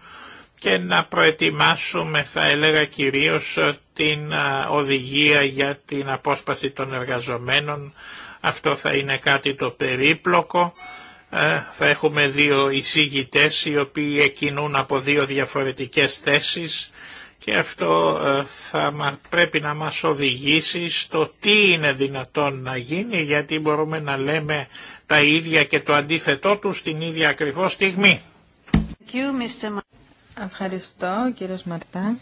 και να προετοιμάσουμε θα έλεγα κυρίως την οδηγία για την απόσπαση των εργαζομένων. Αυτό θα είναι κάτι το περίπλοκο ε, θα έχουμε δύο εισήγητές οι οποίοι εκινούν από δύο διαφορετικές θέσεις και αυτό ε, θα πρέπει να μας οδηγήσει στο τι είναι δυνατόν να γίνει γιατί μπορούμε να λέμε τα ίδια και το αντίθετό του στην ίδια ακριβώς στιγμή. Ευχαριστώ κύριος Μαρτά.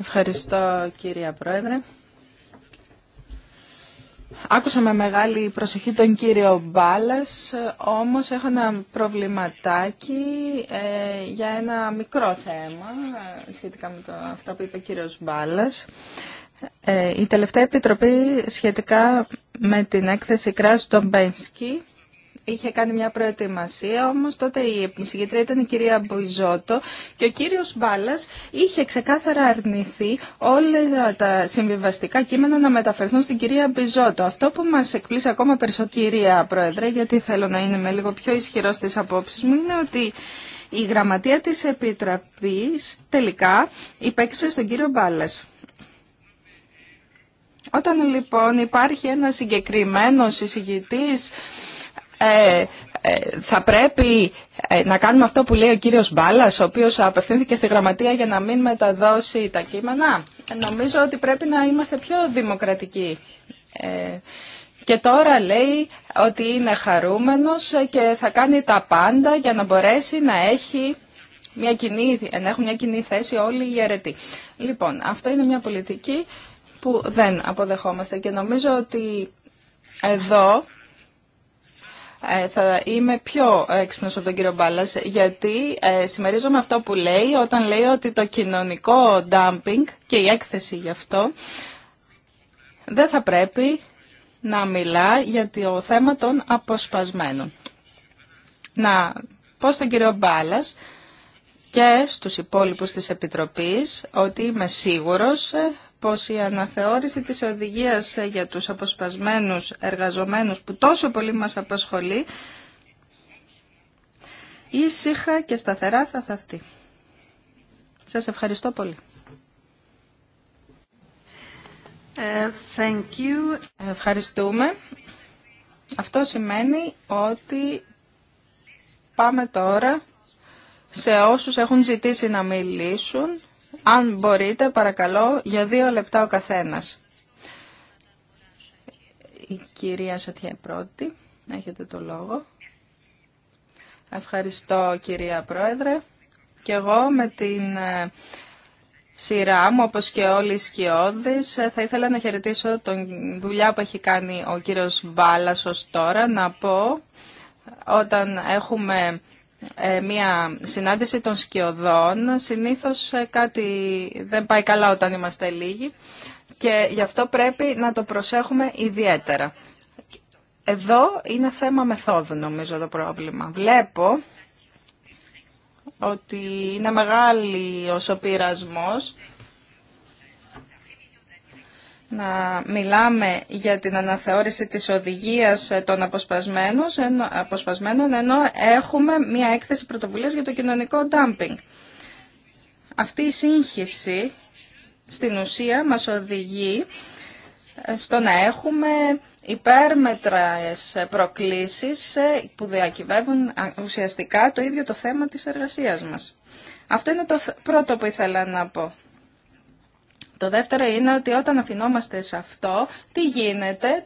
Ευχαριστώ κύριε Πρόεδρε. Άκουσα με μεγάλη προσοχή τον κύριο Μπάλας, όμως έχω ένα προβληματάκι ε, για ένα μικρό θέμα ε, σχετικά με το, αυτό που είπε ο κύριος Μπάλας. Ε, η τελευταία επιτροπή σχετικά με την έκθεση των Μπένσκι, είχε κάνει μια προετοιμασία, όμως τότε η συγκεκριά ήταν η κυρία Μποϊζότο και ο κύριος Μπάλλα είχε ξεκάθαρα αρνηθεί όλα τα συμβιβαστικά κείμενα να μεταφερθούν στην κυρία Μποϊζότο. Αυτό που μας εκπλήσει ακόμα περισσότερο, κυρία Πρόεδρε, γιατί θέλω να είμαι λίγο πιο ισχυρό στις απόψεις μου, είναι ότι η γραμματεία της Επιτραπής τελικά υπέξει στον κύριο Μπάλλας. Όταν λοιπόν υπάρχει ένα συγκεκριμένο συζητητής ε, ε, θα πρέπει ε, να κάνουμε αυτό που λέει ο κύριος Μπάλα, ο οποίος απευθύνθηκε στη γραμματεία για να μην μεταδώσει τα κείμενα. Νομίζω ότι πρέπει να είμαστε πιο δημοκρατικοί. Και τώρα λέει ότι είναι χαρούμενος και θα κάνει τα πάντα για να μπορέσει να έχει μια κοινή, να έχουν μια κοινή θέση όλοι οι αιρετοί. Λοιπόν, αυτό είναι μια πολιτική που δεν αποδεχόμαστε και νομίζω ότι εδώ ε, θα είμαι πιο έξυπνο από τον κύριο Μπάλλας, γιατί ε, συμμερίζομαι αυτό που λέει όταν λέει ότι το κοινωνικό dumping και η έκθεση γι' αυτό δεν θα πρέπει να μιλά για το θέμα των αποσπασμένων. Να πω στον κύριο Μπάλλας και στους υπόλοιπους της Επιτροπής ότι είμαι σίγουρος ε, πως η αναθεώρηση της οδηγίας για τους αποσπασμένους εργαζομένους που τόσο πολύ μας απασχολεί, ήσυχα και σταθερά θα θαυτεί. Σας ευχαριστώ πολύ. Ε, thank you. Ευχαριστούμε. Αυτό σημαίνει ότι πάμε τώρα σε όσους έχουν ζητήσει να μιλήσουν αν μπορείτε, παρακαλώ, για δύο λεπτά ο καθένας. Η κυρία Σατιέ πρώτη, έχετε το λόγο. Ευχαριστώ κυρία Πρόεδρε. Και εγώ με την ε, σειρά μου, όπως και όλοι οι σκιώδεις, ε, θα ήθελα να χαιρετήσω τον δουλειά που έχει κάνει ο κύριος Μπάλας ως τώρα, να πω όταν έχουμε ε, μια συνάντηση των σκιωδών. Συνήθως ε, κάτι δεν πάει καλά όταν είμαστε λίγοι και γι' αυτό πρέπει να το προσέχουμε ιδιαίτερα. Εδώ είναι θέμα μεθόδου νομίζω το πρόβλημα. Βλέπω ότι είναι μεγάλη ο πειρασμός να μιλάμε για την αναθεώρηση της οδηγίας των αποσπασμένων, ενώ έχουμε μια έκθεση πρωτοβουλίας για το κοινωνικό ντάμπινγκ. Αυτή η σύγχυση στην ουσία μας οδηγεί ε, στο να έχουμε υπέρμετρες προκλήσεις ε, που διακυβεύουν ουσιαστικά το ίδιο το θέμα της εργασίας μας. Αυτό είναι το πρώτο που ήθελα να πω. Το δεύτερο είναι ότι όταν αφινόμαστε σε αυτό, τι γίνεται,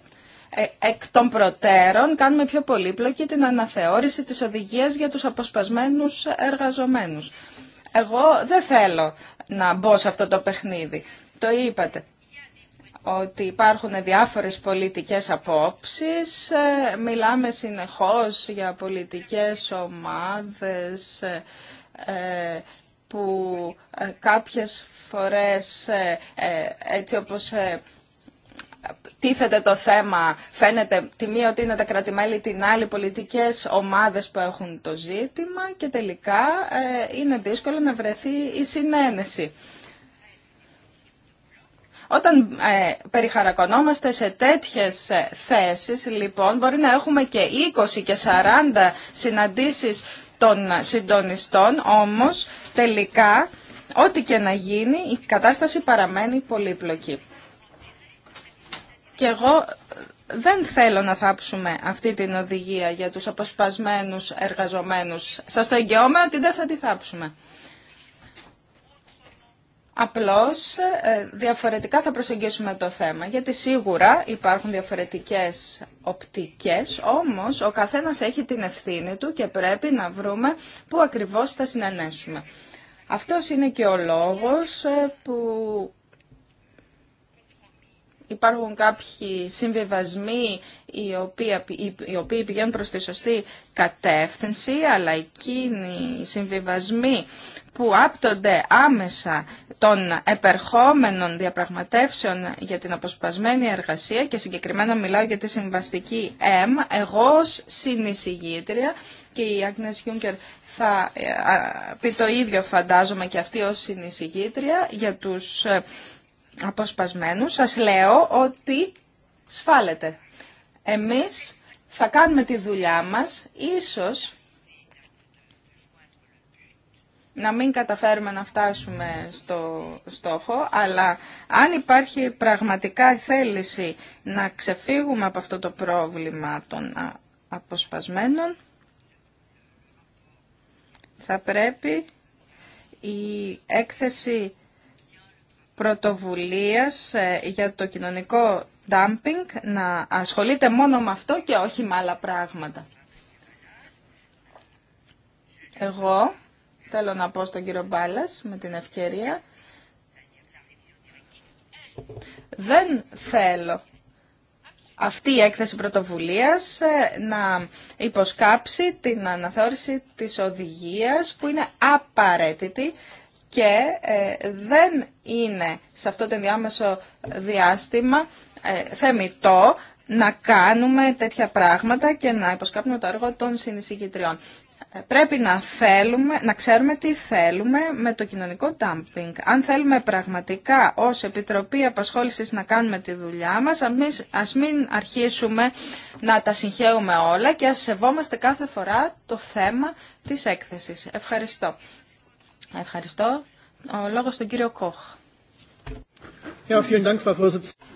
ε, εκ των προτέρων κάνουμε πιο πολύπλοκη την αναθεώρηση της οδηγίας για τους αποσπασμένους εργαζομένους. Εγώ δεν θέλω να μπω σε αυτό το παιχνίδι. Το είπατε ότι υπάρχουν διάφορες πολιτικές απόψεις, ε, μιλάμε συνεχώς για πολιτικές ομάδες, ε, που ε, κάποιες φορές ε, ε, έτσι όπως τίθεται το θέμα, φαίνεται τη μία ότι είναι τα κρατημέλη, την άλλη πολιτικές ομάδες που έχουν το ζήτημα και τελικά είναι δύσκολο να βρεθεί η συνένεση. Όταν ε, περιχαρακωνόμαστε σε τέτοιες θέσεις, λοιπόν, μπορεί να έχουμε και 20 και 40 συναντήσεις των συντονιστών, όμως τελικά ό,τι και να γίνει η κατάσταση παραμένει πολύπλοκη. Και εγώ δεν θέλω να θάψουμε αυτή την οδηγία για τους αποσπασμένους εργαζομένους. Σας το εγγυώμαι ότι δεν θα τη θάψουμε. Απλώς ε, διαφορετικά θα προσεγγίσουμε το θέμα, γιατί σίγουρα υπάρχουν διαφορετικές οπτικές, όμως ο καθένας έχει την ευθύνη του και πρέπει να βρούμε πού ακριβώς θα συνενέσουμε. Αυτός είναι και ο λόγος ε, που υπάρχουν κάποιοι συμβιβασμοί οι οποίοι, οι οποίοι πηγαίνουν προς τη σωστή κατεύθυνση, αλλά εκείνοι οι συμβιβασμοί που άπτονται άμεσα των επερχόμενων διαπραγματεύσεων για την αποσπασμένη εργασία και συγκεκριμένα μιλάω για τη συμβαστική M, εγώ ως και η Αγνές Γιούγκερ θα ε, πει το ίδιο φαντάζομαι και αυτή ως συνεισηγήτρια για τους ε, αποσπασμένους, σας λέω ότι σφάλετε. Εμείς θα κάνουμε τη δουλειά μας, ίσως να μην καταφέρουμε να φτάσουμε στο στόχο, αλλά αν υπάρχει πραγματικά θέληση να ξεφύγουμε από αυτό το πρόβλημα των αποσπασμένων, θα πρέπει η έκθεση πρωτοβουλίας ε, για το κοινωνικό dumping να ασχολείται μόνο με αυτό και όχι με άλλα πράγματα. Εγώ θέλω να πω στον κύριο Μπάλλας με την ευκαιρία. Δεν θέλω αυτή η έκθεση πρωτοβουλίας ε, να υποσκάψει την αναθεώρηση της οδηγίας που είναι απαραίτητη και ε, δεν είναι σε αυτό το διάμεσο διάστημα ε, θεμητό να κάνουμε τέτοια πράγματα και να υποσκάπτουμε το έργο των συνεισηγητριών πρέπει να, θέλουμε, να ξέρουμε τι θέλουμε με το κοινωνικό dumping. Αν θέλουμε πραγματικά ως Επιτροπή Απασχόλησης να κάνουμε τη δουλειά μας, ας μην αρχίσουμε να τα συγχαίουμε όλα και ας σεβόμαστε κάθε φορά το θέμα της έκθεσης. Ευχαριστώ. Ευχαριστώ. Ο λόγος στον κύριο Κόχ.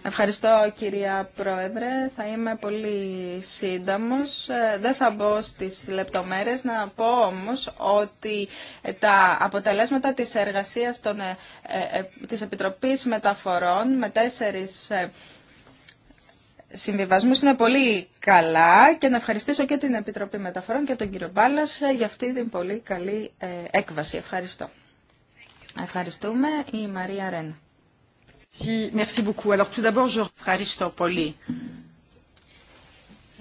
Ευχαριστώ κυρία Πρόεδρε. Θα είμαι πολύ σύνταμος. Ε, δεν θα μπω στις λεπτομέρειες. Να πω όμως ότι ε, τα αποτελέσματα της εργασίας των, ε, της Επιτροπής Μεταφορών με τέσσερις συμβιβασμούς είναι πολύ καλά και να ευχαριστήσω και την Επιτροπή Μεταφορών και τον κύριο Μπάλλας για αυτή την πολύ καλή έκβαση. Ευχαριστώ. Ευχαριστούμε. Η Μαρία Ρένα. Ευχαριστώ πολύ.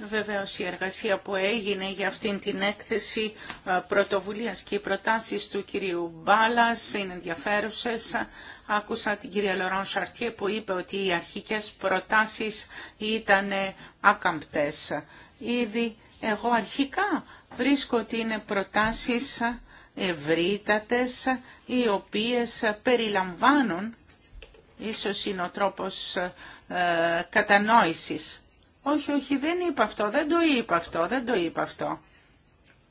Βεβαίω η εργασία που έγινε για αυτήν την έκθεση ε, πρωτοβουλίας και οι προτάσει του κυρίου Μπάλας είναι ενδιαφέρουσε, Άκουσα την κυρία Λωράν Σαρτιέ που είπε ότι οι αρχικές προτάσει ήταν άκαμπτες. Ήδη εγώ αρχικά βρίσκω ότι είναι προτάσεις ευρύτατες οι οποίες περιλαμβάνουν Ίσως είναι ο τρόπος ε, κατανόησης. Όχι, όχι, δεν είπα αυτό, δεν το είπα αυτό, δεν το είπα αυτό.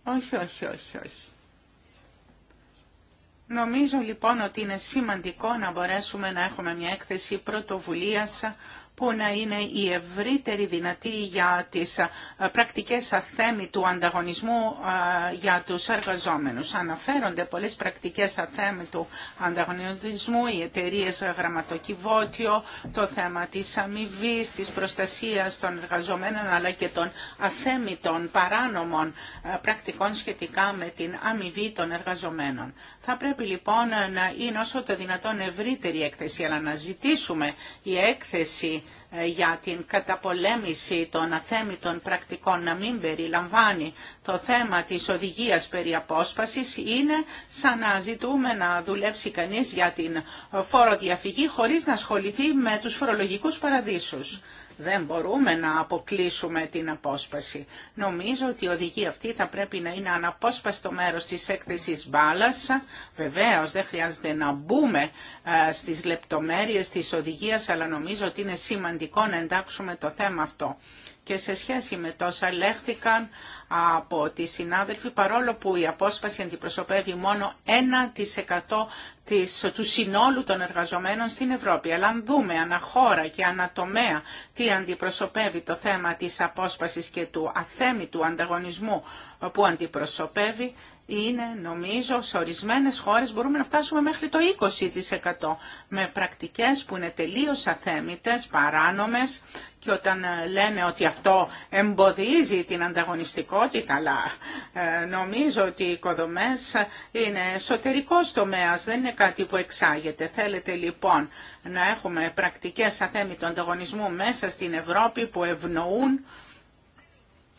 Όχι, όχι, όχι, όχι. Νομίζω λοιπόν ότι είναι σημαντικό να μπορέσουμε να έχουμε μια έκθεση πρωτοβουλίας που να είναι η ευρύτερη δυνατή για τις πρακτικές αθέμη του ανταγωνισμού για τους εργαζόμενους. Αναφέρονται πολλές πρακτικές αθέμη του ανταγωνισμού, οι εταιρείε γραμματοκιβώτιο, το θέμα της αμοιβή, της προστασίας των εργαζομένων αλλά και των αθέμητων παράνομων πρακτικών σχετικά με την αμοιβή των εργαζομένων. Θα πρέπει λοιπόν να είναι όσο το δυνατόν ευρύτερη έκθεση, αλλά να ζητήσουμε η έκθεση ε, για την καταπολέμηση των αθέμητων πρακτικών να μην περιλαμβάνει το θέμα της οδηγίας περί απόσπασης είναι σαν να ζητούμε να δουλέψει κανείς για την φοροδιαφυγή χωρίς να ασχοληθεί με τους φορολογικούς παραδείσους. Δεν μπορούμε να αποκλείσουμε την απόσπαση. Νομίζω ότι η οδηγία αυτή θα πρέπει να είναι αναπόσπαστο μέρος της έκθεσης μπάλας. Βεβαίως δεν χρειάζεται να μπούμε ε, στις λεπτομέρειες της οδηγίας, αλλά νομίζω ότι είναι σημαντικό να εντάξουμε το θέμα αυτό. Και σε σχέση με τόσα λέχθηκαν από τη συνάδελφη, παρόλο που η απόσπαση αντιπροσωπεύει μόνο 1% της, του συνόλου των εργαζομένων στην Ευρώπη. Αλλά αν δούμε αναχώρα και ανατομέα τι αντιπροσωπεύει το θέμα της απόσπασης και του αθέμητου ανταγωνισμού που αντιπροσωπεύει, είναι νομίζω σε ορισμένες χώρες μπορούμε να φτάσουμε μέχρι το 20% με πρακτικές που είναι τελείως αθέμητες, παράνομες και όταν ε, λένε ότι αυτό εμποδίζει την ανταγωνιστικότητα, αλλά ε, νομίζω ότι οι οικοδομές είναι εσωτερικός τομέας, δεν είναι κάτι που εξάγεται. Θέλετε λοιπόν να έχουμε πρακτικές αθέμητου ανταγωνισμού μέσα στην Ευρώπη που ευνοούν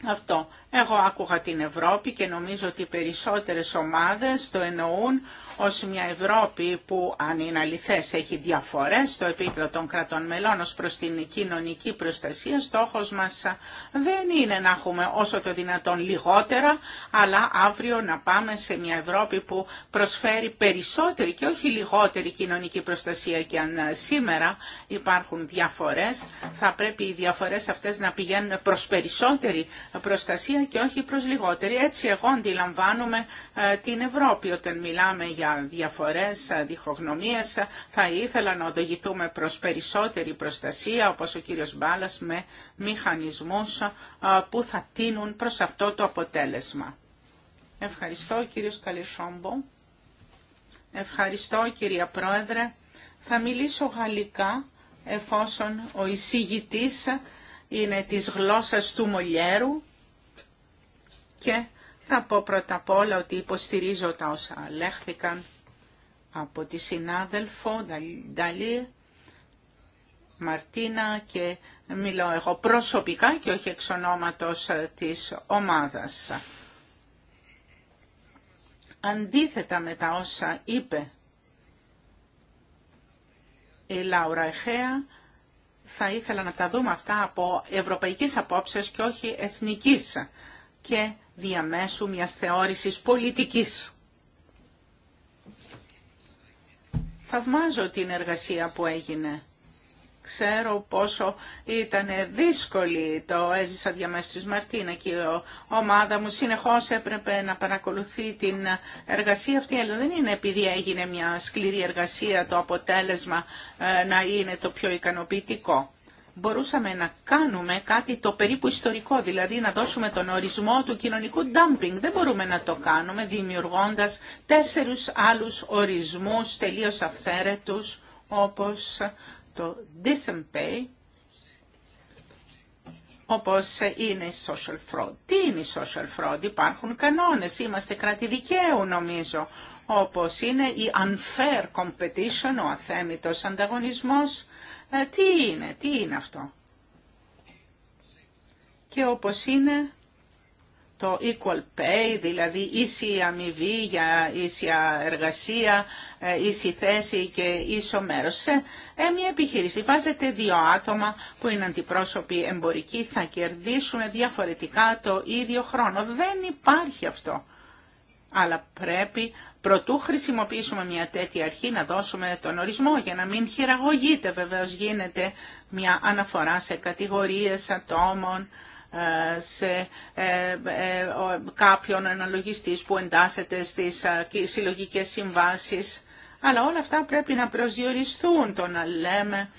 αυτό. Εγώ άκουγα την Ευρώπη και νομίζω ότι οι περισσότερες ομάδες το εννοούν ως μια Ευρώπη που αν είναι αληθές έχει διαφορές στο επίπεδο των κρατών μελών ως προς την κοινωνική προστασία, στόχος μας δεν είναι να έχουμε όσο το δυνατόν λιγότερα, αλλά αύριο να πάμε σε μια Ευρώπη που προσφέρει περισσότερη και όχι λιγότερη κοινωνική προστασία και αν σήμερα υπάρχουν διαφορές, θα πρέπει οι διαφορές αυτές να πηγαίνουν προς περισσότερη προστασία και όχι προς λιγότερη. Έτσι εγώ αντιλαμβάνομαι ε, την Ευρώπη όταν μιλάμε για για διαφορές, διχογνωμίες. Θα ήθελα να οδηγηθούμε προς περισσότερη προστασία, όπως ο κύριος Μπάλας, με μηχανισμούς που θα τίνουν προς αυτό το αποτέλεσμα. Ευχαριστώ κύριος Καλισόμπο. Ευχαριστώ κυρία Πρόεδρε. Θα μιλήσω γαλλικά εφόσον ο εισηγητής είναι της γλώσσας του Μολιέρου και θα πω πρώτα απ' όλα ότι υποστηρίζω τα όσα λέχθηκαν από τη συνάδελφο Νταλή, Μαρτίνα και μιλώ εγώ προσωπικά και όχι εξ ονόματος ε, της ομάδας. Αντίθετα με τα όσα είπε η Λάουρα Εχέα, θα ήθελα να τα δούμε αυτά από ευρωπαϊκής απόψεως και όχι εθνικής. Και διαμέσου μιας θεώρησης πολιτικής. Θαυμάζω την εργασία που έγινε. Ξέρω πόσο ήταν δύσκολη, το έζησα διαμέσου της Μαρτίνα και η ομάδα μου συνεχώς έπρεπε να παρακολουθεί την εργασία αυτή, αλλά δεν είναι επειδή έγινε μια σκληρή εργασία το αποτέλεσμα ε, να είναι το πιο ικανοποιητικό μπορούσαμε να κάνουμε κάτι το περίπου ιστορικό, δηλαδή να δώσουμε τον ορισμό του κοινωνικού dumping. Δεν μπορούμε να το κάνουμε δημιουργώντας τέσσερους άλλους ορισμούς τελείως αυθαίρετους, όπως το disempay, όπως είναι η social fraud. Τι είναι η social fraud, υπάρχουν κανόνες, είμαστε κράτη δικαίου νομίζω, όπως είναι η unfair competition, ο αθέμητος ανταγωνισμός, ε, τι είναι, τι είναι αυτό. Και όπως είναι το equal pay, δηλαδή ίση αμοιβή για ίσια εργασία, ε, ίση θέση και ίσο μέρος. Σε ε, μια επιχείρηση βάζετε δύο άτομα που είναι αντιπρόσωποι εμπορικοί, θα κερδίσουν διαφορετικά το ίδιο χρόνο. Δεν υπάρχει αυτό. Αλλά πρέπει πρωτού χρησιμοποιήσουμε μια τέτοια αρχή να δώσουμε τον ορισμό για να μην χειραγωγείται. Βεβαίως γίνεται μια αναφορά σε κατηγορίες ατόμων, ε, σε ε, ε, κάποιον αναλογιστής που εντάσσεται στις συλλογικές συμβάσεις. Αλλά όλα αυτά πρέπει να προσδιοριστούν το να λέμε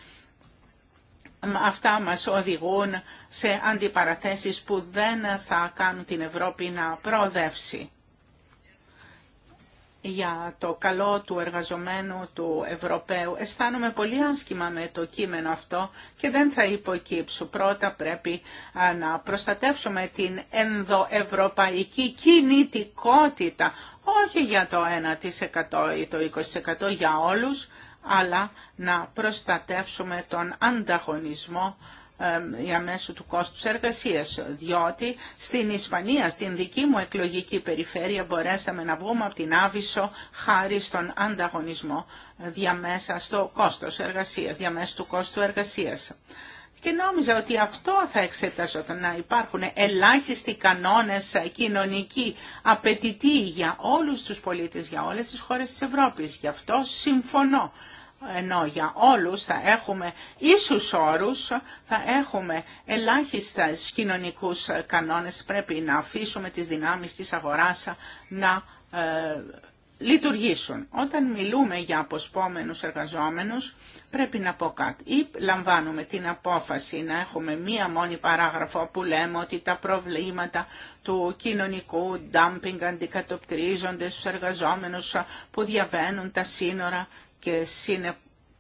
αυτά μας οδηγούν σε αντιπαραθέσεις που δεν θα κάνουν την Ευρώπη να προοδεύσει για το καλό του εργαζομένου του Ευρωπαίου. Αισθάνομαι πολύ άσχημα με το κείμενο αυτό και δεν θα υποκύψω. Πρώτα πρέπει να προστατεύσουμε την ενδοευρωπαϊκή κινητικότητα, όχι για το 1% ή το 20% για όλους, αλλά να προστατεύσουμε τον ανταγωνισμό για του κόστου εργασίας, διότι στην Ισπανία, στην δική μου εκλογική περιφέρεια, μπορέσαμε να βγούμε από την Άβυσσο χάρη στον ανταγωνισμό ε, διαμέσα στο κόστος εργασίας, διαμέσου του κόστου εργασίας. Και νόμιζα ότι αυτό θα εξεταζόταν, να υπάρχουν ελάχιστοι κανόνες ε, κοινωνικοί, απαιτητοί για όλους τους πολίτες, για όλες τις χώρες της Ευρώπης. Γι' αυτό συμφωνώ ενώ για όλους θα έχουμε ίσους όρους, θα έχουμε ελάχιστα κοινωνικούς κανόνες, πρέπει να αφήσουμε τις δυνάμεις της αγοράς να ε, λειτουργήσουν. Όταν μιλούμε για αποσπόμενους εργαζόμενους, πρέπει να πω κάτι. Ή λαμβάνουμε την απόφαση να έχουμε μία μόνη παράγραφο που λέμε ότι τα προβλήματα του κοινωνικού dumping αντικατοπτρίζονται στους εργαζόμενους που διαβαίνουν τα σύνορα και,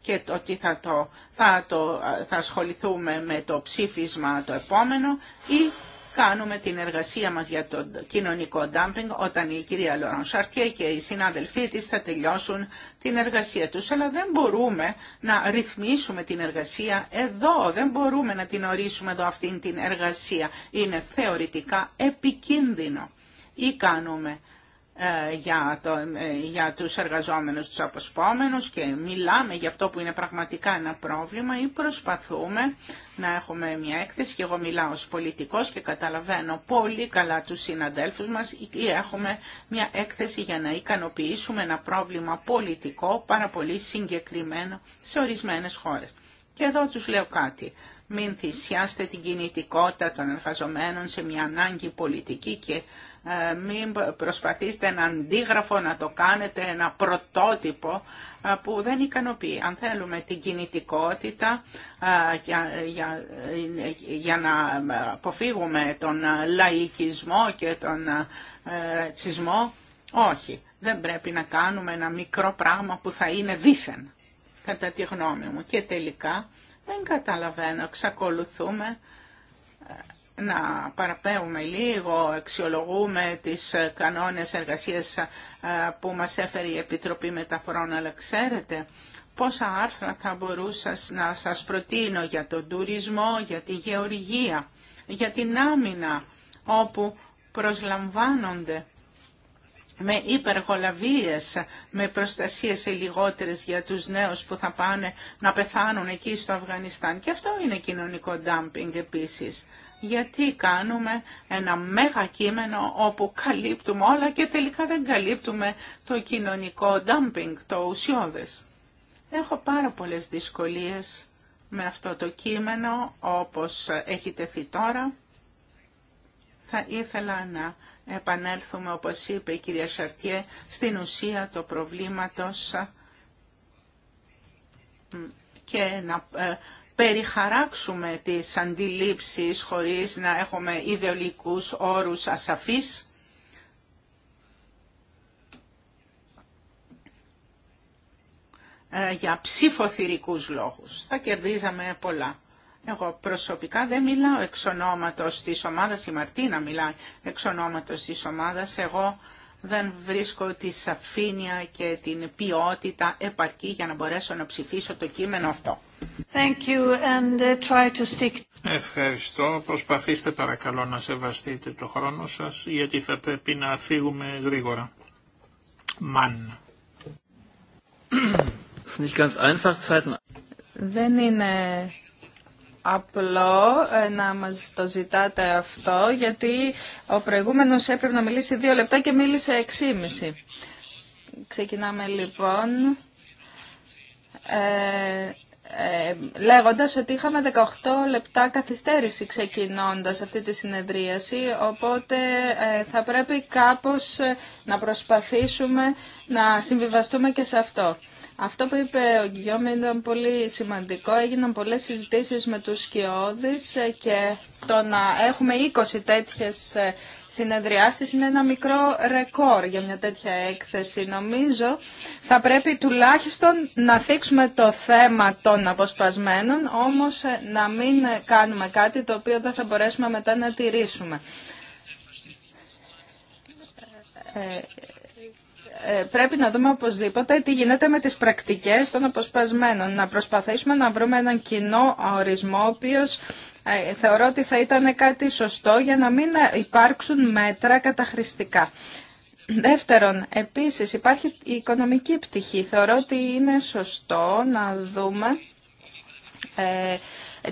και ότι θα, το... Θα, το... ασχοληθούμε με το ψήφισμα το επόμενο ή κάνουμε την εργασία μας για το κοινωνικό ντάμπινγκ όταν η κυρία Λόραν Σαρτιέ και οι συνάδελφοί της θα τελειώσουν την εργασία τους. Αλλά δεν μπορούμε να ρυθμίσουμε την εργασία εδώ, δεν μπορούμε να την ορίσουμε εδώ αυτήν την εργασία. Είναι θεωρητικά επικίνδυνο. Ή κάνουμε ε, για, το, ε, για τους εργαζόμενους τους αποσπόμενους και μιλάμε για αυτό που είναι πραγματικά ένα πρόβλημα ή προσπαθούμε να έχουμε μια έκθεση και εγώ μιλάω ως πολιτικός και καταλαβαίνω πολύ καλά τους συναδέλφους μας ή έχουμε μια έκθεση για να ικανοποιήσουμε ένα πρόβλημα πολιτικό πάρα πολύ συγκεκριμένο σε ορισμένες χώρες. Και εδώ τους λέω κάτι. Μην θυσιάστε την κινητικότητα των εργαζομένων σε μια ανάγκη πολιτική και ε, μην προσπαθήσετε ένα αντίγραφο να το κάνετε, ένα πρωτότυπο ε, που δεν ικανοποιεί. Αν θέλουμε την κινητικότητα ε, για, να αποφύγουμε τον λαϊκισμό και τον ρατσισμό, όχι. Δεν πρέπει να κάνουμε ένα μικρό πράγμα που θα είναι δίθεν, κατά τη γνώμη μου. Και τελικά δεν καταλαβαίνω, εξακολουθούμε να παραπέουμε λίγο, αξιολογούμε τις ε, κανόνες εργασίας ε, που μας έφερε η Επιτροπή Μεταφορών, αλλά ξέρετε πόσα άρθρα θα μπορούσα να σας προτείνω για τον τουρισμό, για τη γεωργία, για την άμυνα, όπου προσλαμβάνονται με υπεργολαβίες, με προστασίες λιγότερες για τους νέους που θα πάνε να πεθάνουν εκεί στο Αφγανιστάν. Και αυτό είναι κοινωνικό ντάμπινγκ επίσης γιατί κάνουμε ένα μέγα κείμενο όπου καλύπτουμε όλα και τελικά δεν καλύπτουμε το κοινωνικό dumping, το ουσιώδες. Έχω πάρα πολλές δυσκολίες με αυτό το κείμενο όπως έχει τεθεί τώρα. Θα ήθελα να επανέλθουμε, όπως είπε η κυρία Σαρτιέ, στην ουσία το προβλήματος ε, και να ε, περιχαράξουμε τις αντιλήψεις χωρίς να έχουμε ιδεολικούς όρους ασαφείς. Ε, για ψηφοθυρικούς λόγους. Θα κερδίζαμε πολλά. Εγώ προσωπικά δεν μιλάω εξ ονόματος της ομάδας, η Μαρτίνα μιλάει εξ ονόματος της ομάδας. Εγώ δεν βρίσκω τη σαφήνεια και την ποιότητα επαρκή για να μπορέσω να ψηφίσω το κείμενο αυτό. Thank you and uh, try to stick. Ευχαριστώ. Προσπαθήστε παρακαλώ να σεβαστείτε το χρόνο σας γιατί θα πρέπει να φύγουμε γρήγορα. Μαν. Δεν είναι απλό ε, να μας το ζητάτε αυτό, γιατί ο προηγούμενος έπρεπε να μιλήσει δύο λεπτά και μίλησε εξήμιση. Ξεκινάμε λοιπόν ε, ε λέγοντας ότι είχαμε 18 λεπτά καθυστέρηση ξεκινώντας αυτή τη συνεδρίαση, οπότε ε, θα πρέπει κάπως να προσπαθήσουμε να συμβιβαστούμε και σε αυτό. Αυτό που είπε ο Γκυγιώμη ήταν πολύ σημαντικό. Έγιναν πολλές συζητήσεις με τους σκιώδεις ε, και το να έχουμε 20 τέτοιες ε, συνεδριάσεις είναι ένα μικρό ρεκόρ για μια τέτοια έκθεση. Νομίζω θα πρέπει τουλάχιστον να θίξουμε το θέμα των αποσπασμένων, όμως ε, να μην κάνουμε κάτι το οποίο δεν θα μπορέσουμε μετά να τηρήσουμε ε, πρέπει να δούμε οπωσδήποτε τι γίνεται με τις πρακτικές των αποσπασμένων. Να προσπαθήσουμε να βρούμε έναν κοινό ορισμό, ο οποίος ε, θεωρώ ότι θα ήταν κάτι σωστό για να μην ε, υπάρξουν μέτρα καταχρηστικά. Δεύτερον, επίσης υπάρχει η οικονομική πτυχή. Θεωρώ ότι είναι σωστό να δούμε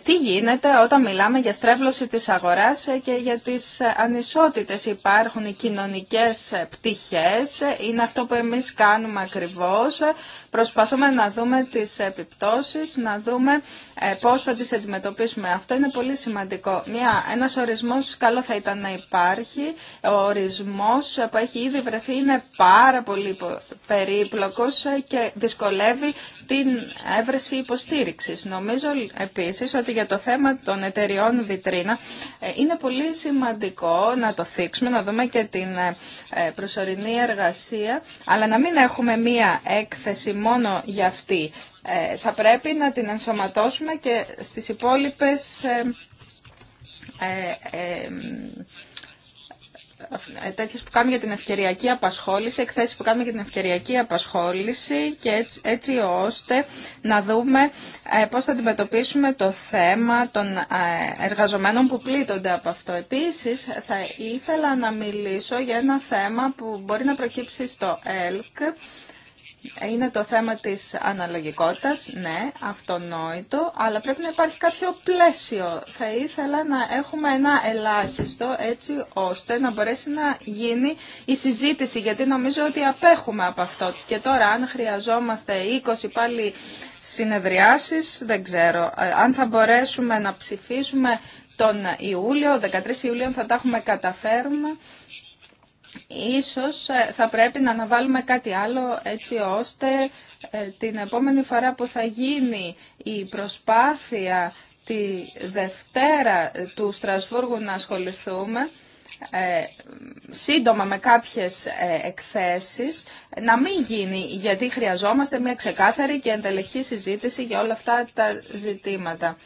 τι γίνεται όταν μιλάμε για στρέβλωση της αγοράς και για τις ανισότητες. Υπάρχουν οι κοινωνικές πτυχές, είναι αυτό που εμείς κάνουμε ακριβώς. Προσπαθούμε να δούμε τις επιπτώσεις, να δούμε ε, πώς θα τις αντιμετωπίσουμε. Αυτό είναι πολύ σημαντικό. Μια, ένας ορισμός καλό θα ήταν να υπάρχει. Ο ορισμός που έχει ήδη βρεθεί είναι πάρα πολύ περίπλοκος και δυσκολεύει την έβρεση υποστήριξη. Νομίζω επίσης ότι για το θέμα των εταιριών βιτρίνα ε, είναι πολύ σημαντικό να το θίξουμε, να δούμε και την ε, ε, προσωρινή εργασία, αλλά να μην έχουμε μία έκθεση μόνο για αυτή. Θα πρέπει να την ενσωματώσουμε και στις υπόλοιπες τέτοιε που κάνουμε για την ευκαιριακή απασχόληση, εκθέσει που κάνουμε για την ευκαιριακή απασχόληση και έτσι, έτσι ώστε να δούμε ε, πώς θα αντιμετωπίσουμε το θέμα των ε, εργαζομένων που πλήττονται από αυτό. Επίσης, θα ήθελα να μιλήσω για ένα θέμα που μπορεί να προκύψει στο ΕΛΚ είναι το θέμα της αναλογικότητας, ναι, αυτονόητο, αλλά πρέπει να υπάρχει κάποιο πλαίσιο. Θα ήθελα να έχουμε ένα ελάχιστο έτσι ώστε να μπορέσει να γίνει η συζήτηση, γιατί νομίζω ότι απέχουμε από αυτό. Και τώρα αν χρειαζόμαστε 20 πάλι συνεδριάσεις, δεν ξέρω. Ε, αν θα μπορέσουμε να ψηφίσουμε τον Ιούλιο, 13 Ιουλίου θα τα έχουμε καταφέρουμε Ίσως ε, θα πρέπει να αναβάλουμε κάτι άλλο έτσι ώστε ε, την επόμενη φορά που θα γίνει η προσπάθεια τη Δευτέρα του Στρασβούργου να ασχοληθούμε ε, σύντομα με κάποιες εκθέσεις να μην γίνει γιατί χρειαζόμαστε μια ξεκάθαρη και εντελεχή συζήτηση για όλα αυτά τα ζητήματα.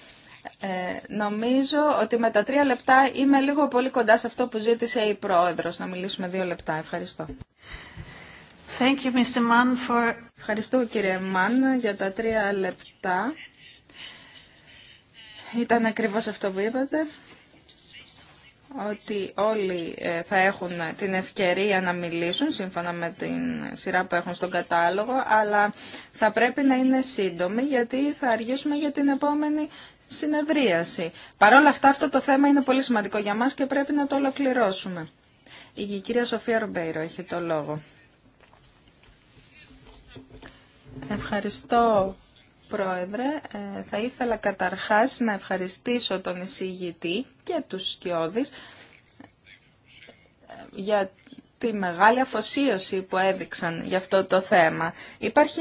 Ε, νομίζω ότι με τα τρία λεπτά είμαι λίγο πολύ κοντά σε αυτό που ζήτησε η Πρόεδρος. Να μιλήσουμε δύο λεπτά. Ευχαριστώ. Thank you, Mr. Mann, for... Ευχαριστώ κύριε Μαν για τα τρία λεπτά. Ήταν ακριβώς αυτό που είπατε ότι όλοι ε, θα έχουν την ευκαιρία να μιλήσουν σύμφωνα με την σειρά που έχουν στον κατάλογο, αλλά θα πρέπει να είναι σύντομοι γιατί θα αργήσουμε για την επόμενη συνεδρίαση. Παρ' όλα αυτά αυτό το θέμα είναι πολύ σημαντικό για μας και πρέπει να το ολοκληρώσουμε. Η κυρία Σοφία Ρουμπέιρο έχει το λόγο. Ευχαριστώ Πρόεδρε, ε, θα ήθελα καταρχάς να ευχαριστήσω τον εισηγητή και τους σκιώδεις ε, για τη μεγάλη αφοσίωση που έδειξαν για αυτό το θέμα. Υπάρχει